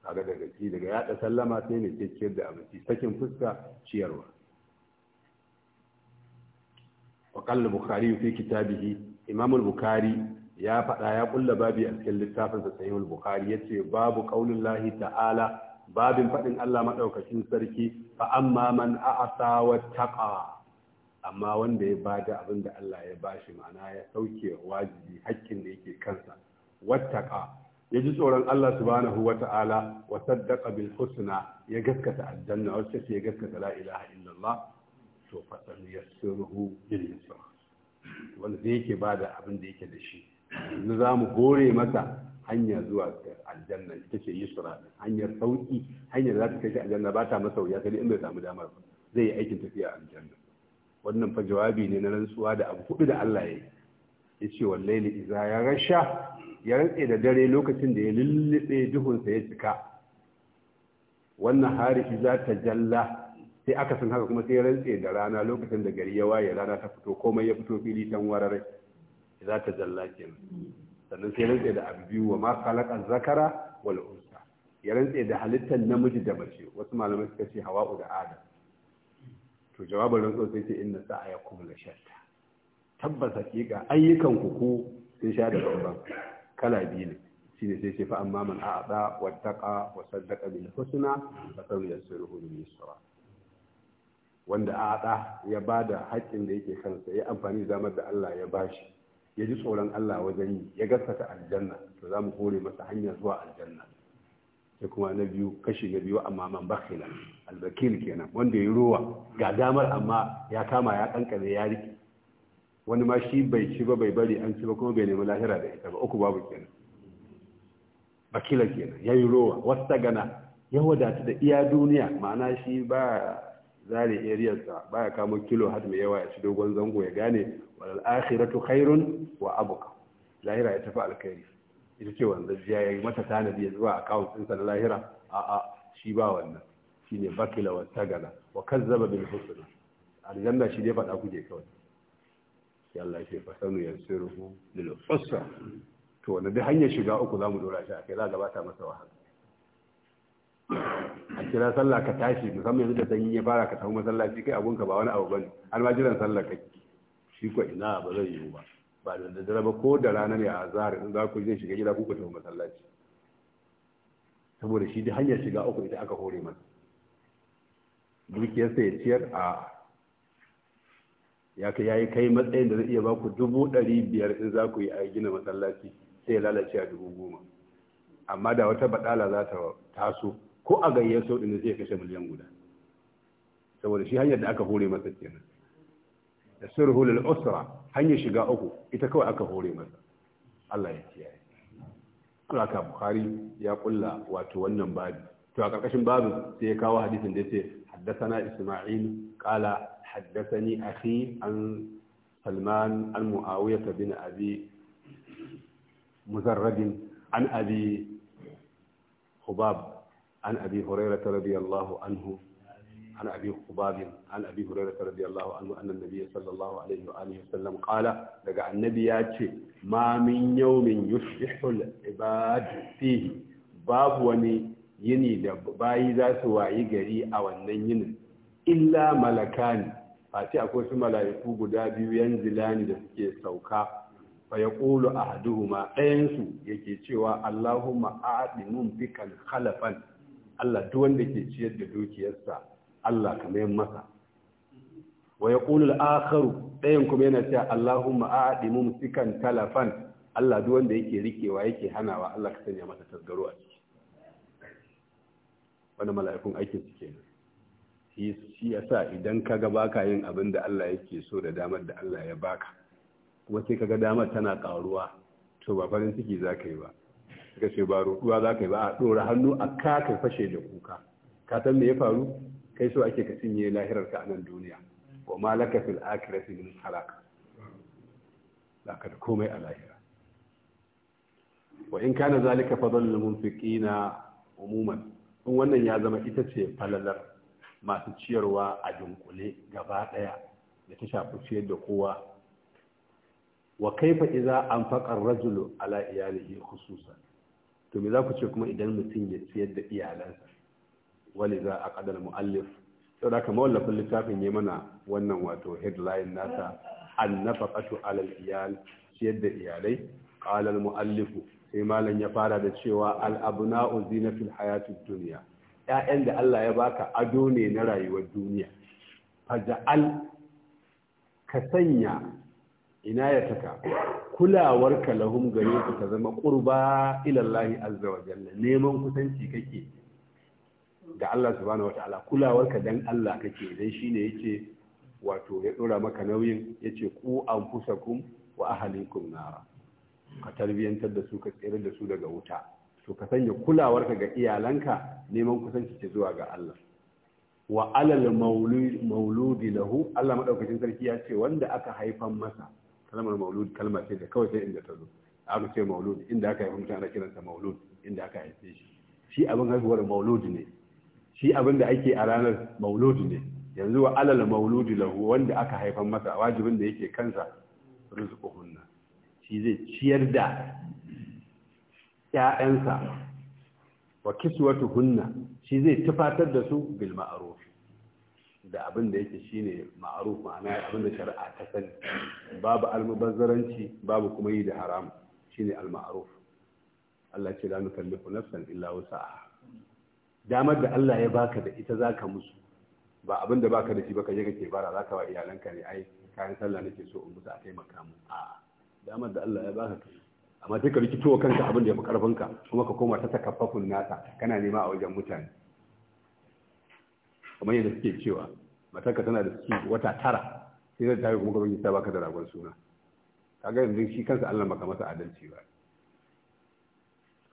kaga daga ki daga yada sallama sai ne ciyar da abinci sakin fuska ciyarwa wa qalla bukhari fi kitabihi imam al-bukhari ya faɗa ya kulla babi a cikin littafin sa sahih al-bukhari yace babu qaulullahi ta'ala babin faɗin Allah maɗaukacin sarki fa amma man a'ata wa taqa amma wanda ya bada abin da Allah ya bashi ma'ana ya sauke wajibi hakkin da yake kansa wattaqa ya ji tsoron Allah subhanahu wa ta'ala wa saddaqa bil husna ya gaskata aljanna wacce ce ya gaskata la ilaha illallah to fasan yassiruhu bil yusra wanda zai yake bada abin da yake da shi yanzu za mu hore masa hanya zuwa aljanna ita ce yusra hanyar sauki hanyar za ta kai shi aljanna ba ta masa wuya sai in bai samu damar ba zai yi aikin tafiya aljanna wannan fa jawabi ne na rantsuwa da abu hudu da Allah ya yi ya ce wallaili iza ya rasha ya rantse da dare lokacin da ya lullube duhunsa ya cika wannan harifi za ta jalla sai aka san haka kuma sai rantse da rana lokacin da gari ya waye rana ta fito komai ya fito fili tan warare, za ta zalla kenan sannan sai rantse da abu biyu wa ma khalaqa zakara wal unsa ya rantse da halittar namiji da mace wasu malamai suka ce hawa'u da adam to jawabin rantsuwa sai ce inna sa kuma la shatta tabbas hakika ayyukan ku ko sun sha da bamban kala biyu ne shine sai ce fa amma man a'ata wattaqa wa saddaqa bil husna fa sawya bil yusra wanda a haɗa ya ba da haƙƙin da yake kansa ya amfani da damar da Allah ya bashi ya ji tsoron Allah wajen yi ya gaskata aljanna to za mu hore masa hanya zuwa aljanna sai kuma na biyu kashi na biyu amma man bakila albakil kenan wanda ya ruwa ga damar amma ya kama ya kankare ya riƙe wani ma shi bai ci ba bai bari an ci ba kuma bai nemi lahira da ita ba uku babu kenan bakila kenan ya yi ruwa wasta gana ya wadatu da iya duniya ma'ana shi ba zare ariyarsa baya kamo kilo har mai yawa ya ci dogon zango ya gane wal akhiratu khairun wa abuka lahira ya tafi alkhairi ita ce wanda ya yi mata tanadi ya zuwa account ɗinsa na lahira a a shi ba wannan shine bakila wa tagala wa kazzaba bil husna aljanna shi ne faɗa kuje kawai sai Allah ya ce fa sanu yansiruhu lil husna to wanda dai hanyar shiga uku zamu dora shi akai za gabata masa wahala a kira sallah ka tashi musamman yanzu da sanyi ya fara ka tafi masallaci kai abun ka ba wani abu bane har ma jiran sallah ka shi ko ina ba zai yiwu ba ba da da ba ko da rana ne a azhar in za ku je shiga gida ku ku tafi masallaci saboda shi duk hanyar shiga uku ita aka hore masa dukiyarsa ya ciyar a ya kai yayi kai matsayin da zai iya baku dubu ɗari biyar in za ku yi a gina masallaci sai ya lalace a dubu goma amma da wata baɗala za ta taso ko a gayyar sau ɗin zai kashe miliyan guda saboda shi hanyar da aka hore masa kenan da sirhul al-usra hanyar shiga uku ita kawai aka hore masa Allah ya kiyaye haka Bukhari ya kulla wato wannan babu to a karkashin babu sai ya kawo hadisin da yace haddathana Isma'il qala haddathani akhi an Salman al Muawiyah bin Abi Muzarrad an Abi Hubab عن أبي هريرة رضي الله عنه عن أبي خباب عن أبي هريرة رضي الله عنه أن النبي صلى الله عليه وآله وسلم قال لقى النبي ياتي ما من يوم يشح العباد فيه باب وني yini da bayi za su wayi gari a wannan yinin illa malakani Fati akwai su mala'iku guda biyu yan zilani da suke sauka fa ƙulu a haduhuma ɗayansu yake cewa allahumma a'adi mun khalafan Allah duk wanda ke ciyar da dukiyarsa Allah ka mai masa wa yaqulu al-akharu dayan kuma yana cewa Allahumma a'di sikan talafan Allah duk wanda yake rikewa yake hanawa Allah ka sanya masa tasgaro a ciki wannan mala'ikun aikin su kenan shi yasa idan kaga baka yin abin da Allah yake so da damar da Allah ya baka kuma sai kaga damar tana karuwa to ba farin ciki ka yi ba suka ce ba roɗuwa za ka yi ba a ɗora hannu a ka fashe da kuka ka san ya faru kai so ake ka cinye lahirar ka a nan duniya wa ma laka fil akhirati min halak ka da komai a lahira wa in kana zalika fadlul munfiqina umuman in wannan ya zama ita ce falalar masu ciyarwa a dunkule gaba daya da ta shafi ciyar da kowa wa kaifa idza anfaqa ar-rajulu ala iyalihi khususan to me za ku ce kuma idan mutum ya ciyar da iyalansa wani za a kadar mu'allif saboda haka mawallafin littafin ya mana wannan wato headline nasa an nafaqatu alal iyal ciyar da iyalai qala muallifu sai malam ya fara da cewa al abna'u zinatul hayatu duniya. Ya'yan da Allah ya baka ado ne na rayuwar duniya faja'al ka sanya ina ya taka kulawar ka lahum gare su ta zama qurba ila Allah azza wa jalla neman kusanci kake ga Allah subhanahu wataala kulawar ka dan Allah kake dan shine yake wato ya dora maka nauyin yace ku anfusakum wa ahlikum nara ka tarbiyantar da su ka tsere da su daga wuta to ka sanya kulawarka ga iyalanka neman kusanci ce zuwa ga Allah wa alal mauludi lahu Allah madaukakin sarki ya ce wanda aka haifan masa kalmar maulud kalma ce da kawai sai inda ta zo aka ce maulud inda aka haifi mutum ana kiransa maulud inda aka haife shi shi abin haihuwar maulud ne shi abin da ake a ranar maulud ne yanzu wa alal maulud lahu wanda aka haifan masa wajibin da yake kansa rizquhunna shi zai ciyar da ƴaƴansa wa kiswatuhunna shi zai tufatar da su bil ma'ruf da abin da yake ne ma'aruf ma'ana abin da shari'a ta sani babu almubazzaranci babu kuma yi da haram shine al-ma'ruf Allah ce la nukallifu nafsan illa wusaha damar da Allah ya baka da ita zaka musu ba abin da baka da shi baka je kake bara zaka ba iyalanka ne ai kayan sallah nake so in musu a taimaka mu a damar da Allah ya baka kai amma sai ka wa kanka abin da ya fi karfinka kuma ka koma ta takaffafun nasa kana nema a wajen mutane kamar yadda suke cewa matarka tana da ciki wata tara sai zai tafi kuma gwamnati ta ka da ragon suna kaga yanzu shi kansa Allah maka masa adalci ba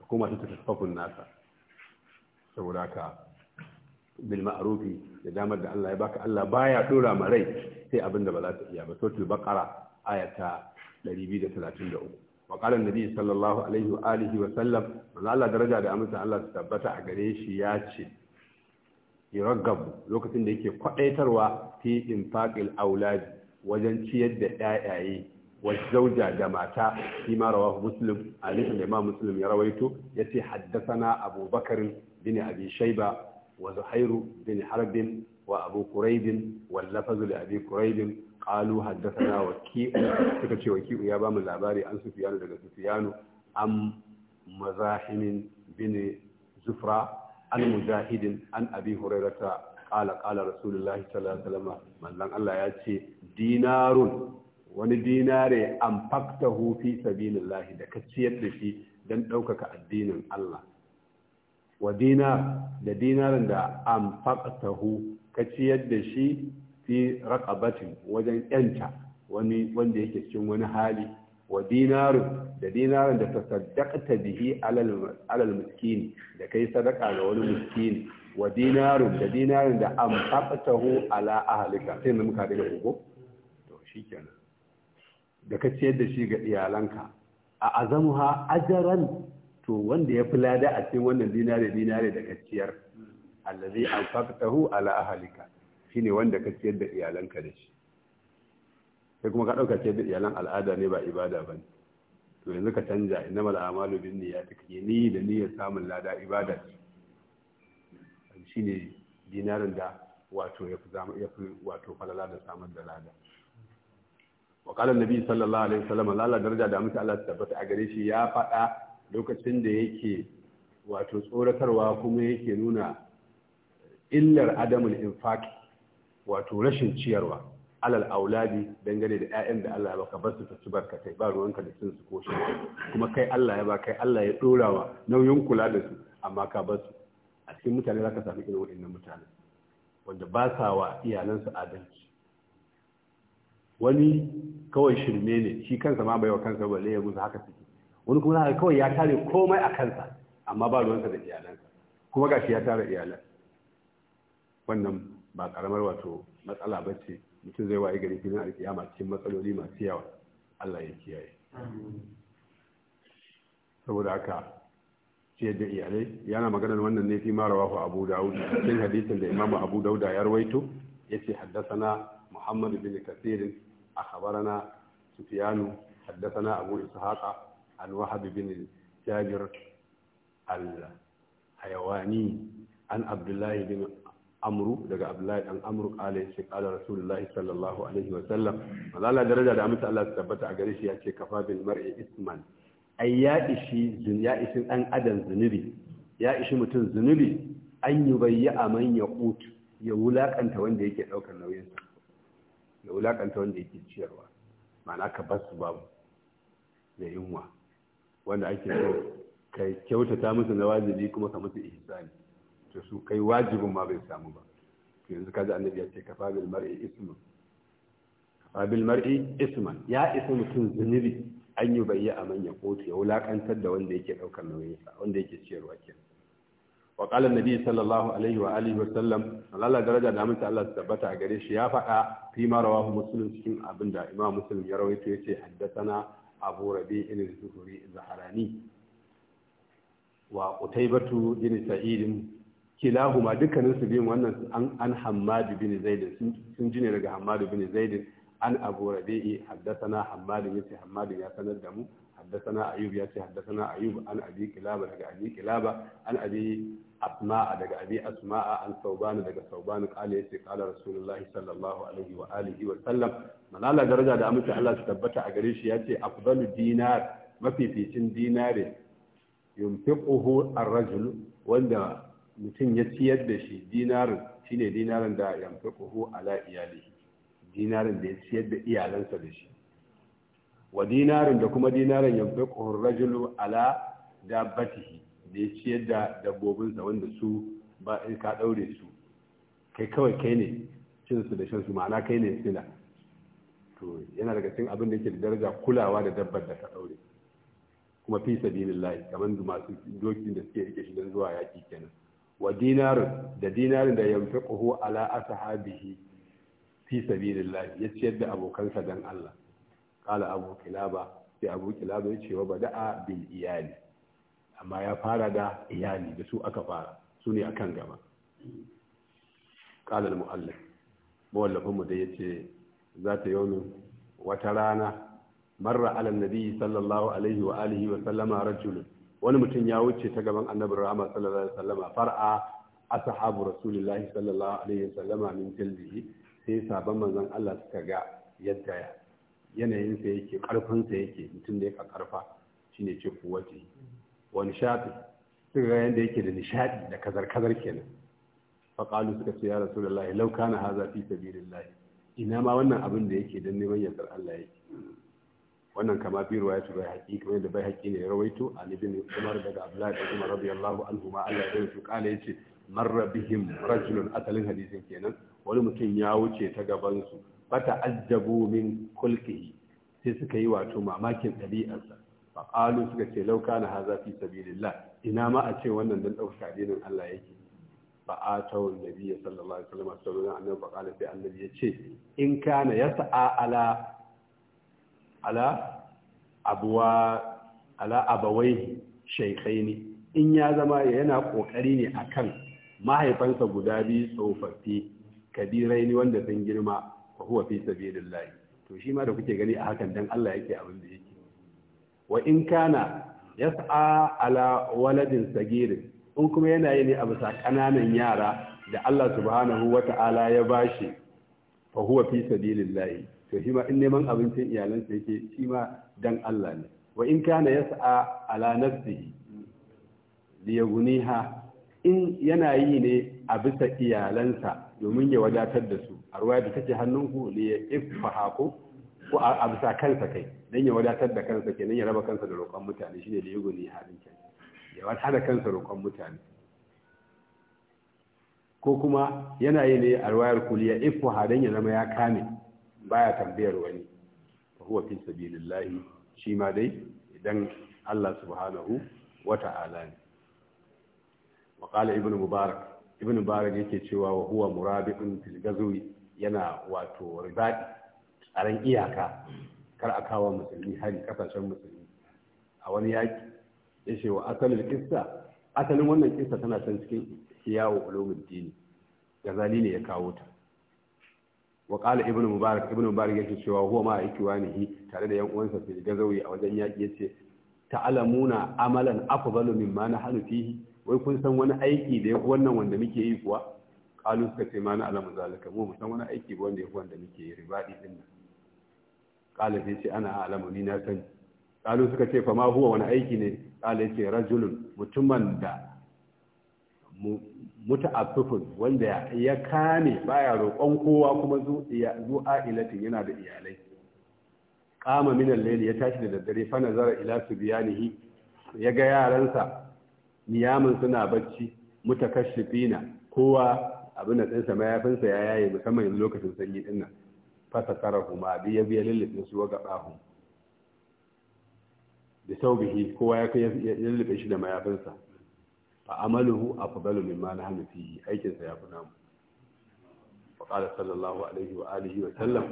ka koma ta tafafafun nasa saboda ka bil ma'rufi da damar da Allah ya baka Allah baya dora ma rai sai abin da ba za ta iya ba suratul baqara ayata 233 وقال النبي صلى الله عليه وآله وسلم من الله daraja da amsa Allah ta tabbata a gare shi ya ce yuraggabu lokacin da yake kwadaitarwa fi infaqil aulad wajen ciyar da ƴaƴaye wa zauja da mata fi ma rawahu muslim alisa da imam muslim ya ce yace haddathana abubakar bin abi shayba wa zuhairu bin harbin wa abu quraib wal lafzu li abi quraib qalu haddathana waki suka ce waki ya ba mu labari an sufyanu daga sufyanu am mazahimin bine zufra an mujahidin an abi hurairata qala qala rasulullahi sallallahu alaihi wasallam mallan Allah ya ce dinarun wani dinare an faktahu fi sabilillahi da ka ciyar da shi dan ɗaukaka addinin Allah wa dinar da dinarin da an faktahu ka ciyar da shi fi raqabatin wajen yanta wani wanda yake cikin wani hali wa dinarun da dinarin da ta saddaqta bihi alal miskin da kai sadaka ga wani miskin wa dinarun da dinarin da hu, ala ahlika sai mun ka daga gogo to shikenan da ka ciyar da shi ga iyalanka a azamuha ajran to wanda ya fula da a cikin wannan dinare dinare da ka ciyar allazi hu, ala ahlika shine wanda ka ciyar da iyalanka da shi sai kuma ka ɗauka ce duk iyalan al'ada ne ba ibada ba ne to yanzu ka canja inna mal amalu bin niyyati kake ni da niyyar samun lada ibada ce shine dinarin da wato ya fi zama ya fi wato falala da samar da lada wa qala annabi sallallahu alaihi wasallam lalla daraja da mutum Allah tabbata a gare shi ya faɗa lokacin da yake wato tsoratarwa kuma yake nuna illar adamul infaq wato rashin ciyarwa alal auladi dangane da ƴaƴan da Allah ya baka bar su ta barka kai ba ruwanka da sun su ko kuma kai Allah ya baka kai Allah ya dora wa nauyin kula da su amma ka bar su a cikin mutane zaka samu irin waɗannan mutane wanda ba sa wa iyalansu adalci wani kawai shirme ne shi kansa ma bai wa kansa balle ya musu haka suke wani kuma haka kawai ya tare komai a kansa amma ba ruwanka da iyalansa kuma gashi ya tara iyalan wannan ba karamar wato matsala ba ce mutum zai waye gari filin alkiyama cikin matsaloli masu yawa Allah ya kiyaye saboda haka ciyar da iyalai yana maganar wannan ne fi mara wafa abu dawud cikin hadisin da imamu abu dauda ya rawaito ya ce haddasana muhammad bin kasirin a khabarana sufiyanu haddasana abu ishaqa an wahab bin jabir al hayawani an abdullahi bin amru daga abdullahi dan amru kala yace kala rasulullahi sallallahu alaihi wa sallam malala daraja da amsa Allah ta tabbata a gare shi yace kafa bil mar'i isman ai ya ishi zun ya dan adam zunubi ya ishi mutum zunubi an yubayya man yaqut ya wulakanta wanda yake daukar nauyin sa ya wulakanta wanda yake ciyarwa ma'ana ka basu babu da yunwa wanda ake so ka kyautata musu na wajibi kuma ka musu ihsani to su kai wajibin ma bai samu ba to yanzu kaji annabi ya ce kafabil mar'i isman kafabil mar'i isman ya isa mutum zunubi an yi bayya a manyan kotu ya wulakantar da wanda yake daukar nauyin sa wanda yake ciyarwa kenan wa qala annabi sallallahu alaihi wa alihi wa sallam Allah daraja da mutunta Allah tabbata a gare shi ya faɗa fi ma rawahu muslim cikin abinda imam muslim ya rawaito yace haddathana abu rabi'in az-zuhri zaharani? wa utaybatu bin saidin kilahuma dukkanin su biyun wannan an an hammadu bin zaidin sun ji ne daga hammadu bin zaidin an abu rabi'i haddathana hammadu yace hammadu ya sanar da mu haddathana ayyub ce haddathana ayyub an abi kilaba daga abi kilaba an abi asma'a daga abi asma'a an sauban daga sauban qala ce qala rasulullahi sallallahu alaihi wa alihi wa sallam malala daraja da amince Allah su tabbata a gare shi ya ce afdalu dinar mafificin dinare yunfiquhu ar-rajul wanda mutum ya ciyar da shi dinarin shine dinarin da ya kuhu ala iyali dinarin da ya ciyar da iyalansa da shi wa dinarin da kuma dinarin ya yamfaquhu kuhu rajulu ala dabbatihi da ya ciyar da dabbobinsa wanda su ba in ka daure su kai kawai kai ne cin su da shan su ma'ana kai ne sila to yana daga cikin abin da yake da daraja kulawa da dabbar da ka daure kuma fi sabilillahi kamar masu dokin da suke rike shi don zuwa yaki kenan wa dinarin da dinarin da yanfiquhu ala ashabihi fi sabilillah ya ciyar da abokansa dan Allah qala abu kilaba sai abu kilaba ya ce wa bada'a bil iyali amma ya fara da iyali da su aka fara su ne akan gaba qala al muallif mawallafin mu da yace za ta yau wata rana marra ala nabi sallallahu alaihi wa alihi wa sallama rajulun wani mutum ya wuce ta gaban annabi rahama sallallahu alaihi wasallama far'a ashabu rasulillahi sallallahu alaihi wasallama min jildihi sai sabon manzon Allah suka ga yadda yanayin sa yake karfin sa yake mutum da yake karfa shine ce kuwati Wani shafi suka ga yanda yake da nishadi da kazar kazar kenan fa qalu suka ce ya rasulullahi law kana hadha fi sabilillah ina ma wannan abin da yake dan neman yardar Allah yake wannan kama bi ruwayatu bai haƙi kamar da bai haƙi ne rawaito ali libin umar daga abdullahi bin umar allahu anhu huma Allah ya rubuta kala yace marra bihim rajulun asalin hadisin kenan wani mutum ya wuce ta gabansu. su fata ajabu min kulkihi sai suka yi wato mamakin ɗabi'arsa faqalu suka ce lauka na haza fi sabilillah ina ma a ce wannan dan ɗauka addinin Allah yake fa'atau nabiyyi sallallahu alaihi wasallam sallallahu alaihi wasallam annabi faqala sai annabi ce. in kana yas'a ala ala abuwa ala abawai in ya zama yana ƙoƙari ne akan mahaifansa guda biyu tsofaffi kabirai wanda sun girma fa huwa fi sabilillah to shi ma da kuke gani a hakan dan Allah yake abin da yake wa in kana yas'a ala waladin sagir in kuma yana yi ne a bisa kananan yara da Allah subhanahu wata'ala ya bashi fa huwa fi sabilillah to shi ma in neman abincin iyalansa yake shi ma dan Allah ne wa in kana yas'a ala nafsihi liyaghniha in yana yi ne a bisa iyalansa domin ya wadatar da su a ruwa da take hannunku ne ya iffaha ko ko a bisa kansa kai dan ya wadatar da kansa kenan ya raba kansa da roƙon mutane shine da yugo ne halin kenan ya wadatar da kansa roƙon mutane ko kuma yana yi ne a ruwayar kuliya iffaha dan ya zama ya kame baya tambayar wani fa huwa fi sabilillahi shi ma dai idan Allah subhanahu wa ta'ala ne wa qala ibnu mubarak ibnu mubarak yake cewa wa huwa murabi'un fil gazwi yana wato ribadi tsaron iyaka kar a kawo musulmi hari kasashen musulmi a wani yaki yace wa asalin asalin wannan kista tana can cikin hiyawu ulumuddini gazali ne ya kawo ta wa kala ibn mubarak ibn mubarak yake cewa huwa ma ikwanihi tare da yan uwansa fil gazawi a wajen yaki yace ta'lamuna amalan afdalu mimma nahnu fihi wai kun san wani aiki da yake wannan wanda muke yi kuwa kalu suka ce mana na alamu zalika mu san wani aiki ba wanda yake wanda muke yi ribadi din nan kala sai ce ana alamu ni na sani kalu suka ce fa ma huwa wani aiki ne kala yace rajulun mutumman da muta'affifin wanda ya kame baya roƙon kowa kuma zu ailatin yana da iyalai kama minan laili ya tashi da daddare fa nazara ila subyanihi ya ga yaransa niyamun suna bacci mutakashifina kowa abin da tsinsa mayafinsa ya yaye musamman lokacin sanyi ɗin nan fasa karahu ma bi ya biya lullufin su waga ɓahu da saubihi kowa ya kai lullufin shi da mayafinsa A amaluhu afdalu mimma nahnu fihi aikin sa yafi namu fa qala sallallahu alaihi wa alihi wa sallam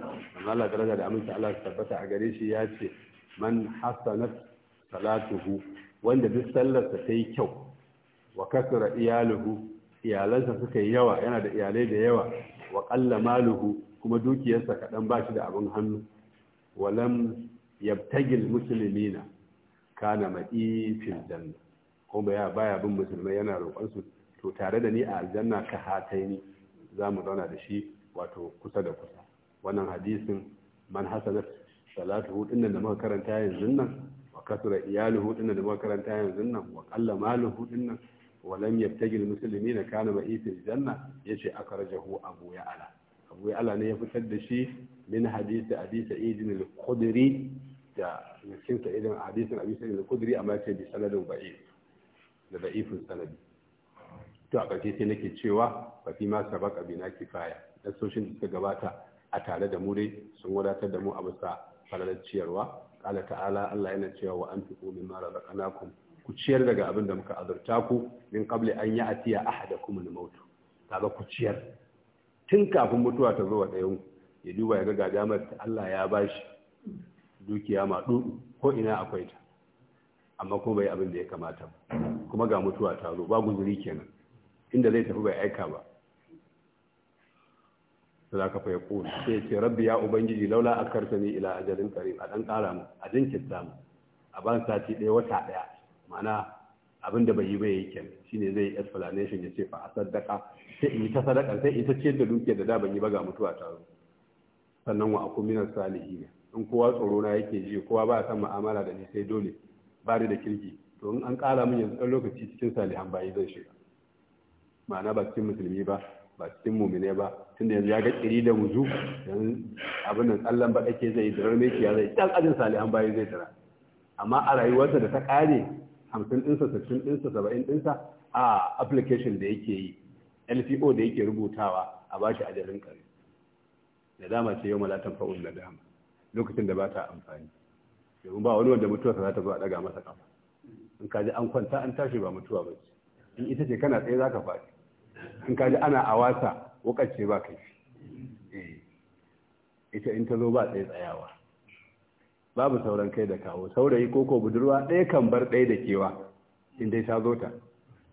amma Allah daraja da Aminta, Allah ya tabbata a gare shi ya ce man hasanat salatuhu wanda duk sallarsa ta yi kyau wa kasra iyaluhu iyalansa suka yi yawa yana da iyalai da yawa wa qalla maluhu kuma dukiyarsa kaɗan ba shi da abin hannu walam yabtagil muslimina kana maɗi fil janna kuma baya baya bin musulmai yana roƙon su to tare da ni a aljanna ka ni za mu zauna da shi wato kusa da kusa wannan hadisin man hasanat salatu hudun da muka karanta yanzu nan wa kasura iyalu hudun da muka karanta yanzu nan wa qalla malu hudun nan wa lam yabtagil muslimina kana ba'isil janna yace akrajahu abu ya'ala abu ya'ala ne ya fitar da shi min hadisi abi sa'id al da cikin idan hadisin abi sa'id al-khudri amma yace bi sanadin ba'id da da'ifin sanadi to a ƙarshe sai nake cewa ba fi ma sabaka bina kifaya soshin da suka gabata a tare da mu dai sun wadatar da mu a bisa falalar ciyarwa ƙala ta'ala Allah yana cewa wa an anfiqu mara razaqnakum ku ciyar daga abin da muka azurta ku min ƙabli an ya'tiya kuma al mautu. kaga ku ciyar tun kafin mutuwa ta zo wa ɗayan ya duba ya ga damar ta Allah ya bashi dukiya ma ko ina akwai ta amma kuma bai abin da ya kamata ba kuma ga mutuwa ta zo ba guzuri kenan inda zai tafi bai aika ba za ka fa ya sai ce rabbi ya ubangiji laula a ne ila ajalin kare a dan kara mu a jinkin samu a ban sati ɗaya wata ɗaya ma'ana abin da bai yi bai yi kenan shine zai explanation ya ce fa a sadaka sai in yi ta sadaka sai in ta ciyar da dukiyar da da ban yi ba ga mutuwa ta zo sannan wa aku salihi ne in kowa tsoro na yake ji kowa ba san ma'amala da ni sai dole bari da kirki domin an ƙara min yanzu ɗan lokaci cikin salihan bayi zai shiga ma'ana ba cikin musulmi ba ba cikin mumine ba tunda yanzu ya ga kiri da wuzu yanzu abin nan tsallan ba ake zai dirar meki ya zai ɗan ajin salihan bayi zai tara amma a rayuwarsa da ta ƙare hamsin ɗinsa sittin ɗinsa saba'in ɗinsa a application da yake yi lpo da yake rubutawa a bashi ajalin kare da dama ce yau malatan fa'un da dama lokacin da ba ta amfani domin ba wani wanda mutuwarsa za ta zo a daga masa kafa in ka ji an kwanta an tashi ba mutuwa ba in ita ce kana tsaye za ka faɗi in ka ji ana wasa wakace ba kai eh, ita in ta zo ba tsaye tsayawa babu sauran kai da kawo saurayi ko ko budurwa ɗaya kan bar ɗaya da kewa in dai ta zo ta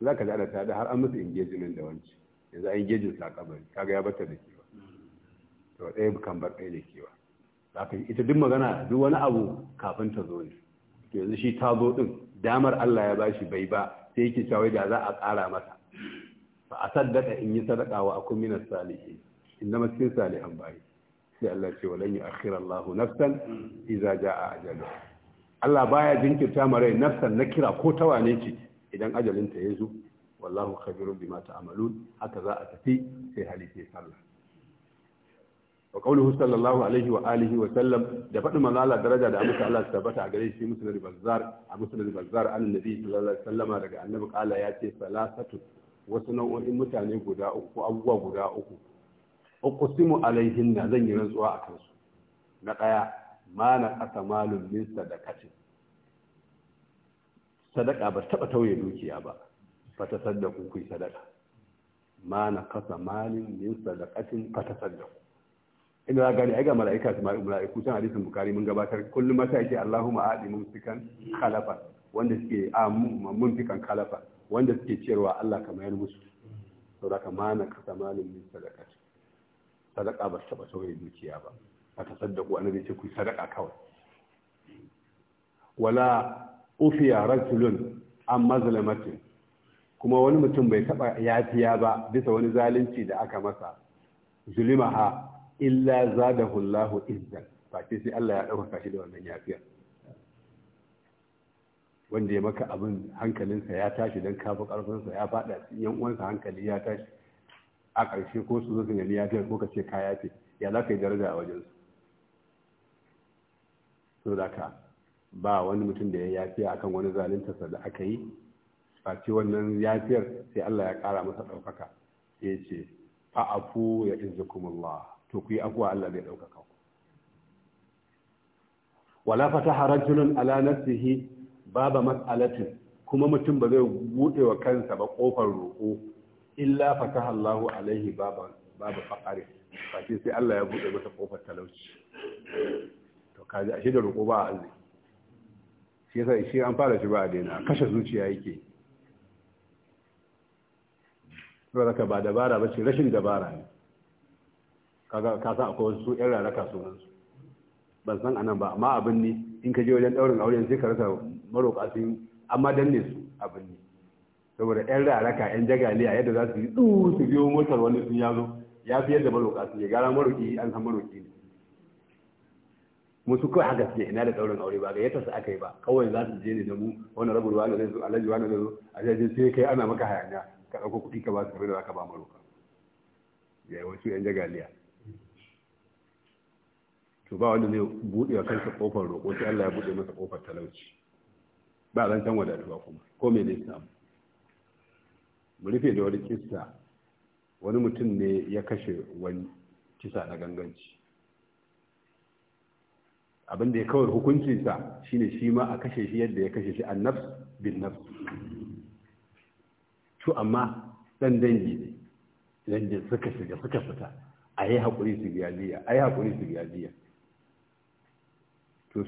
za ka ji ana tada har an musu nan da wanci yanzu an gejin sakamari kaga ya bata da kewa to ɗaya kan bar ɗaya da kewa za ka ita duk magana duk wani abu kafin ta zo ne yanzu shi ta zo ɗin damar Allah ya bashi bai ba sai yake cewa da za a ƙara masa fa a saddaka in yi sadaka wa akun min salihin inna maskin salihan bai sai Allah ce walan yu'akhir Allahu nafsan idza jaa ajaluha Allah baya jinkirta mare nafsan na kira ko ta wane ce idan ajalinta ya zo wallahu khabirun bima ta'malun haka za a tafi sai halice sallah wa qawluhu sallallahu alaihi wa alihi wa sallam da faɗin manzala daraja da amsa Allah tabbata a gare shi musulmi bazzar a musulmi bazzar annabi sallallahu alaihi Sallama daga annabi kala ya ce salasatu wasu nau'o'in mutane guda uku abubuwa guda uku uqsimu alaihinna zan yi rantsuwa a kansu na daya ma na min sadakacin sadaka ba taɓa tauye dukiya ba fata sadaku ku sadaka ma na malin min sadakacin fata sadaku. ina za gani ai ga mala'ika su mala'iku san hadisin bukari mun gabatar kullum mata yake Allahumma mun fikan khalafa wanda suke a fikan khalafa wanda suke cewa Allah ka mayar musu da ka mana ka samanin min sadaka sadaka ba taɓa sauye dukiya ba a ta saddaku annabi ce ku sadaka kawai wala ufiya rajulun an mazlamatin kuma wani mutum bai taba yafiya ba bisa wani zalunci da aka masa ha illa zadahu Allahu izzan Fati sai Allah ya ɗaukaka shi da wannan yafiyar wanda ya maka abin hankalinsa ya tashi don kafa ƙarfinsa ya faɗa yan uwansa hankali ya tashi a ƙarshe ko su zo gani ya ko ka ce ka yafe ya za ka yi daraja a wajensu so da ka ba wani mutum da ya yafiya akan wani sa da aka yi face wannan yafiyar sai Allah ya ƙara masa ɗaukaka sai ya ce fa'afu ya izzukumullah to ku yi afuwa Allah zai ɗaukaka ku wala fataha rajulun ala nafsihi baba mas'alatin kuma mutum ba zai bude wa kansa ba kofar roƙo illa fataha Allahu alaihi baba baba faqari sai Allah ya bude masa kofar talauci to kaji shi da roƙo ba arziki shi yasa shi an fara shi ba a daina kashe zuciya yake saboda ka ba dabara ba ce rashin dabara ne kaga ka san akwai wasu ƴan raraka sunan su ban san anan ba amma abin ne in ka je wajen daurin auren sai ka rasa maroƙa sun amma danne su abin ne saboda yan raraka ƴan jagaliya yadda za su yi tsuru su biyo motar wani sun yazo ya fi yadda maroƙa su yi. gara maroƙi an san maroƙi ne musu kawai haka suke ina da daurin aure ba yadda su aka yi ba kawai za su je ne da mu wani rabu ruwa da zai zo alhaji wani zai zo a jajin sai kai ana maka hayaniya ka ɗauko kuɗi ka ba su kamar da za ka ba maroƙa ya yi wasu yan jagaliya to ba wanda zai buɗe wa kansa kofar roƙo sai Allah ya buɗe masa kofar talauci ba zan san wadatuwa kuma ko me ne samu mu rufe da wani kissa wani mutum ne ya kashe wani kisa na ganganci abin da ya kawar hukuncinsa shine shi ma a kashe shi yadda ya kashe shi an nafs bin nafs to amma dan dangi ne dangin suka shiga suka fita a yi haƙuri su biya a yi haƙuri su biya to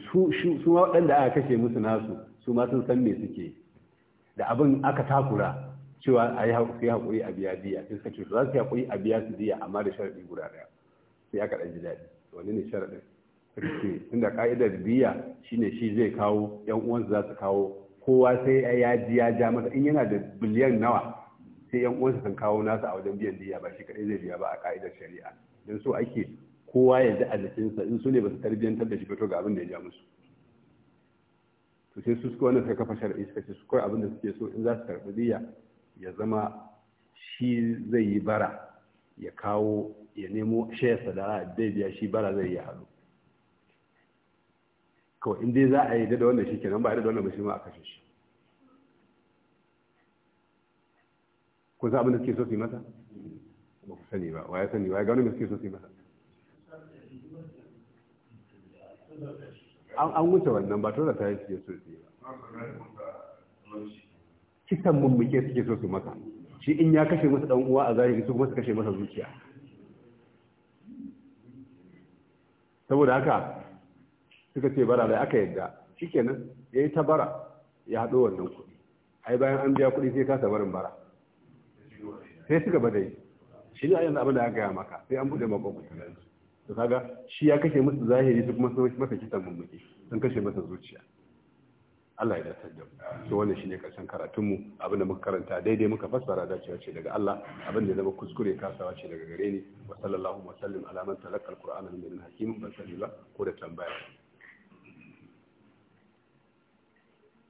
su waɗanda aka kashe musu nasu su ma sun san me suke da abin aka takura cewa a yi haƙuri a biya biya sai suka ce za su yi haƙuri a biya su biya amma da sharaɗi guda ɗaya sai aka ɗan ji daɗi wani ne sharaɗin suke tunda ka'idar biya shine shi zai kawo yan uwansu za su kawo kowa sai ya ji ya ja masa in yana da biliyan nawa sai yan uwansa sun kawo nasu a wajen biyan diya ba shi kaɗai zai biya ba a ka'idar shari'a don so ake kowa ya ji a jikinsa in su ne ba su tarbiyyantar da shi fito ga abin da ya ja musu to sai su suka wani suka kafa shari'i suka ce su kawai abin da suke so in za su karɓi diya ya zama shi zai yi bara ya kawo ya nemo sadara, da zai biya shi bara zai yi haɗu kawai in dai za a yi da wannan shi kenan ba a da wannan ba shi ma a kashe shi ko za abin da suke so su yi masa ba ku sani ba wa ya sani ba ya gano me suke so su yi masa an wuce wannan ba tura ta yi suke so su yi kisan mummuke suke so su maka. shi in ya kashe masa dan uwa a zahiri su kuma su kashe masa zuciya saboda haka suka ce bara da aka yadda shikenan ya yi ta bara ya haɗo wannan kuɗi ai bayan an biya kuɗi sai kasa barin bara sai suka bada yi shi ne a yanzu abin da aka gaya maka sai an buɗe makon kuɗi to kaga shi ya kashe musu zahiri su kuma masa kisan mummuki sun kashe masa zuciya Allah ya da sanya to wannan shine karshen karatun karatunmu abinda muka karanta daidai muka fassara dacewa ce daga Allah abinda zama kuskure kasawa ce daga gare ni wa sallallahu wa sallam ala man talaqa alqur'ana min hakim ban ko da tambaya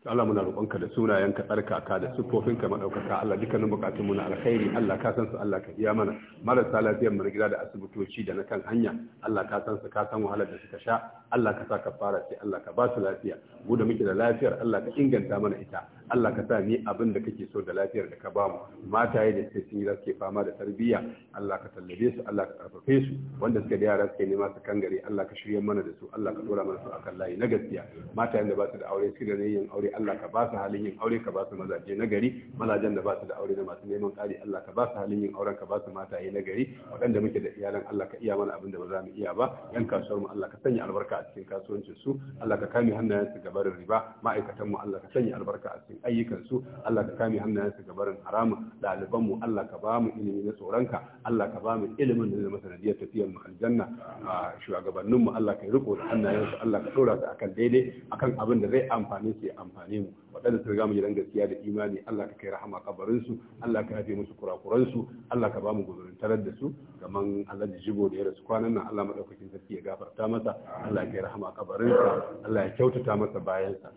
Allah muna roƙonka da sunayen sunayenka tsarkaka da siffofinka madaukaka Allah dukkanin bukatun mu na alkhairi Allah ka san su Allah ka biya mana marasa lafiyar mu gida da asibitoci da na kan hanya Allah ka san su ka san wahalar da suka sha Allah ka sa ka fara sai Allah ka ba su lafiya mu da muke da lafiyar Allah ka inganta mana ita Allah ka sa ni abin da kake so da lafiyar da ka ba mu mataye da suke sun da suke fama da tarbiyya Allah ka tallabe su Allah ka karfafe su wanda suka da yara suke nema su kangare Allah ka shirye mana da su Allah ka dora mana su akan layi na gaskiya matayen da ba su da aure suke da yin aure Allah ka ba su halin yin aure ka ba su mazaje na gari mazajen da ba su da aure da masu neman ƙari Allah ka ba su halin yin auren ka ba su mataye na gari waɗanda muke da iyalan Allah ka iya mana abin da ba za mu iya ba yan kasuwar mu Allah ka sanya albarka a cikin kasuwancin su Allah ka kame hannayen su gabarin riba ma'aikatan mu Allah ka sanya albarka a cikin cikin ayyukansu Allah ka kame hannayensu ga barin haramun ɗalibanmu Allah ka ba mu ilimi na tsoronka Allah ka ba mu ilimin da na diyar tafiyar mu aljanna a shugabanninmu Allah ka yi riko da su, Allah ka ɗora su akan daidai akan abin da zai amfane su ya amfane mu waɗanda suka mu gidan gaskiya da imani Allah ka kai rahama kabarin su Allah ka yafe musu kurakuran su Allah ka ba mu guzurin tarar da su kaman Allah jibo da ya rasu kwanan nan Allah madaukakin sarki ya gafarta masa Allah ka kai rahama kabarin sa Allah ya kyautata masa bayan sa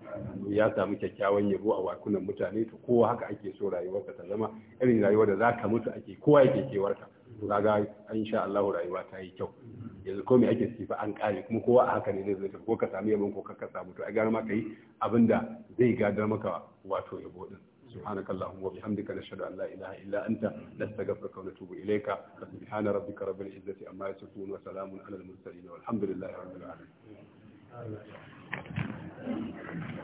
ya samu kyakkyawan yabo a wakunan mutane to kowa haka ake so rayuwarka ta zama irin rayuwar da zaka mutu ake kowa yake kewarka to kaga insha Allah rayuwa ta yi kyau yanzu ko me ake sifa an kare kuma kowa a haka ne zai zai ko ka samu yabon ko ka samu to a gara maka yi abinda zai gadar maka wato yabo din سبحانك اللهم وبحمدك نشهد أن لا إله إلا أنت نستغفرك ونتوب إليك سبحان ربك رب العزة أما يصفون وسلام على المرسلين والحمد لله رب العالمين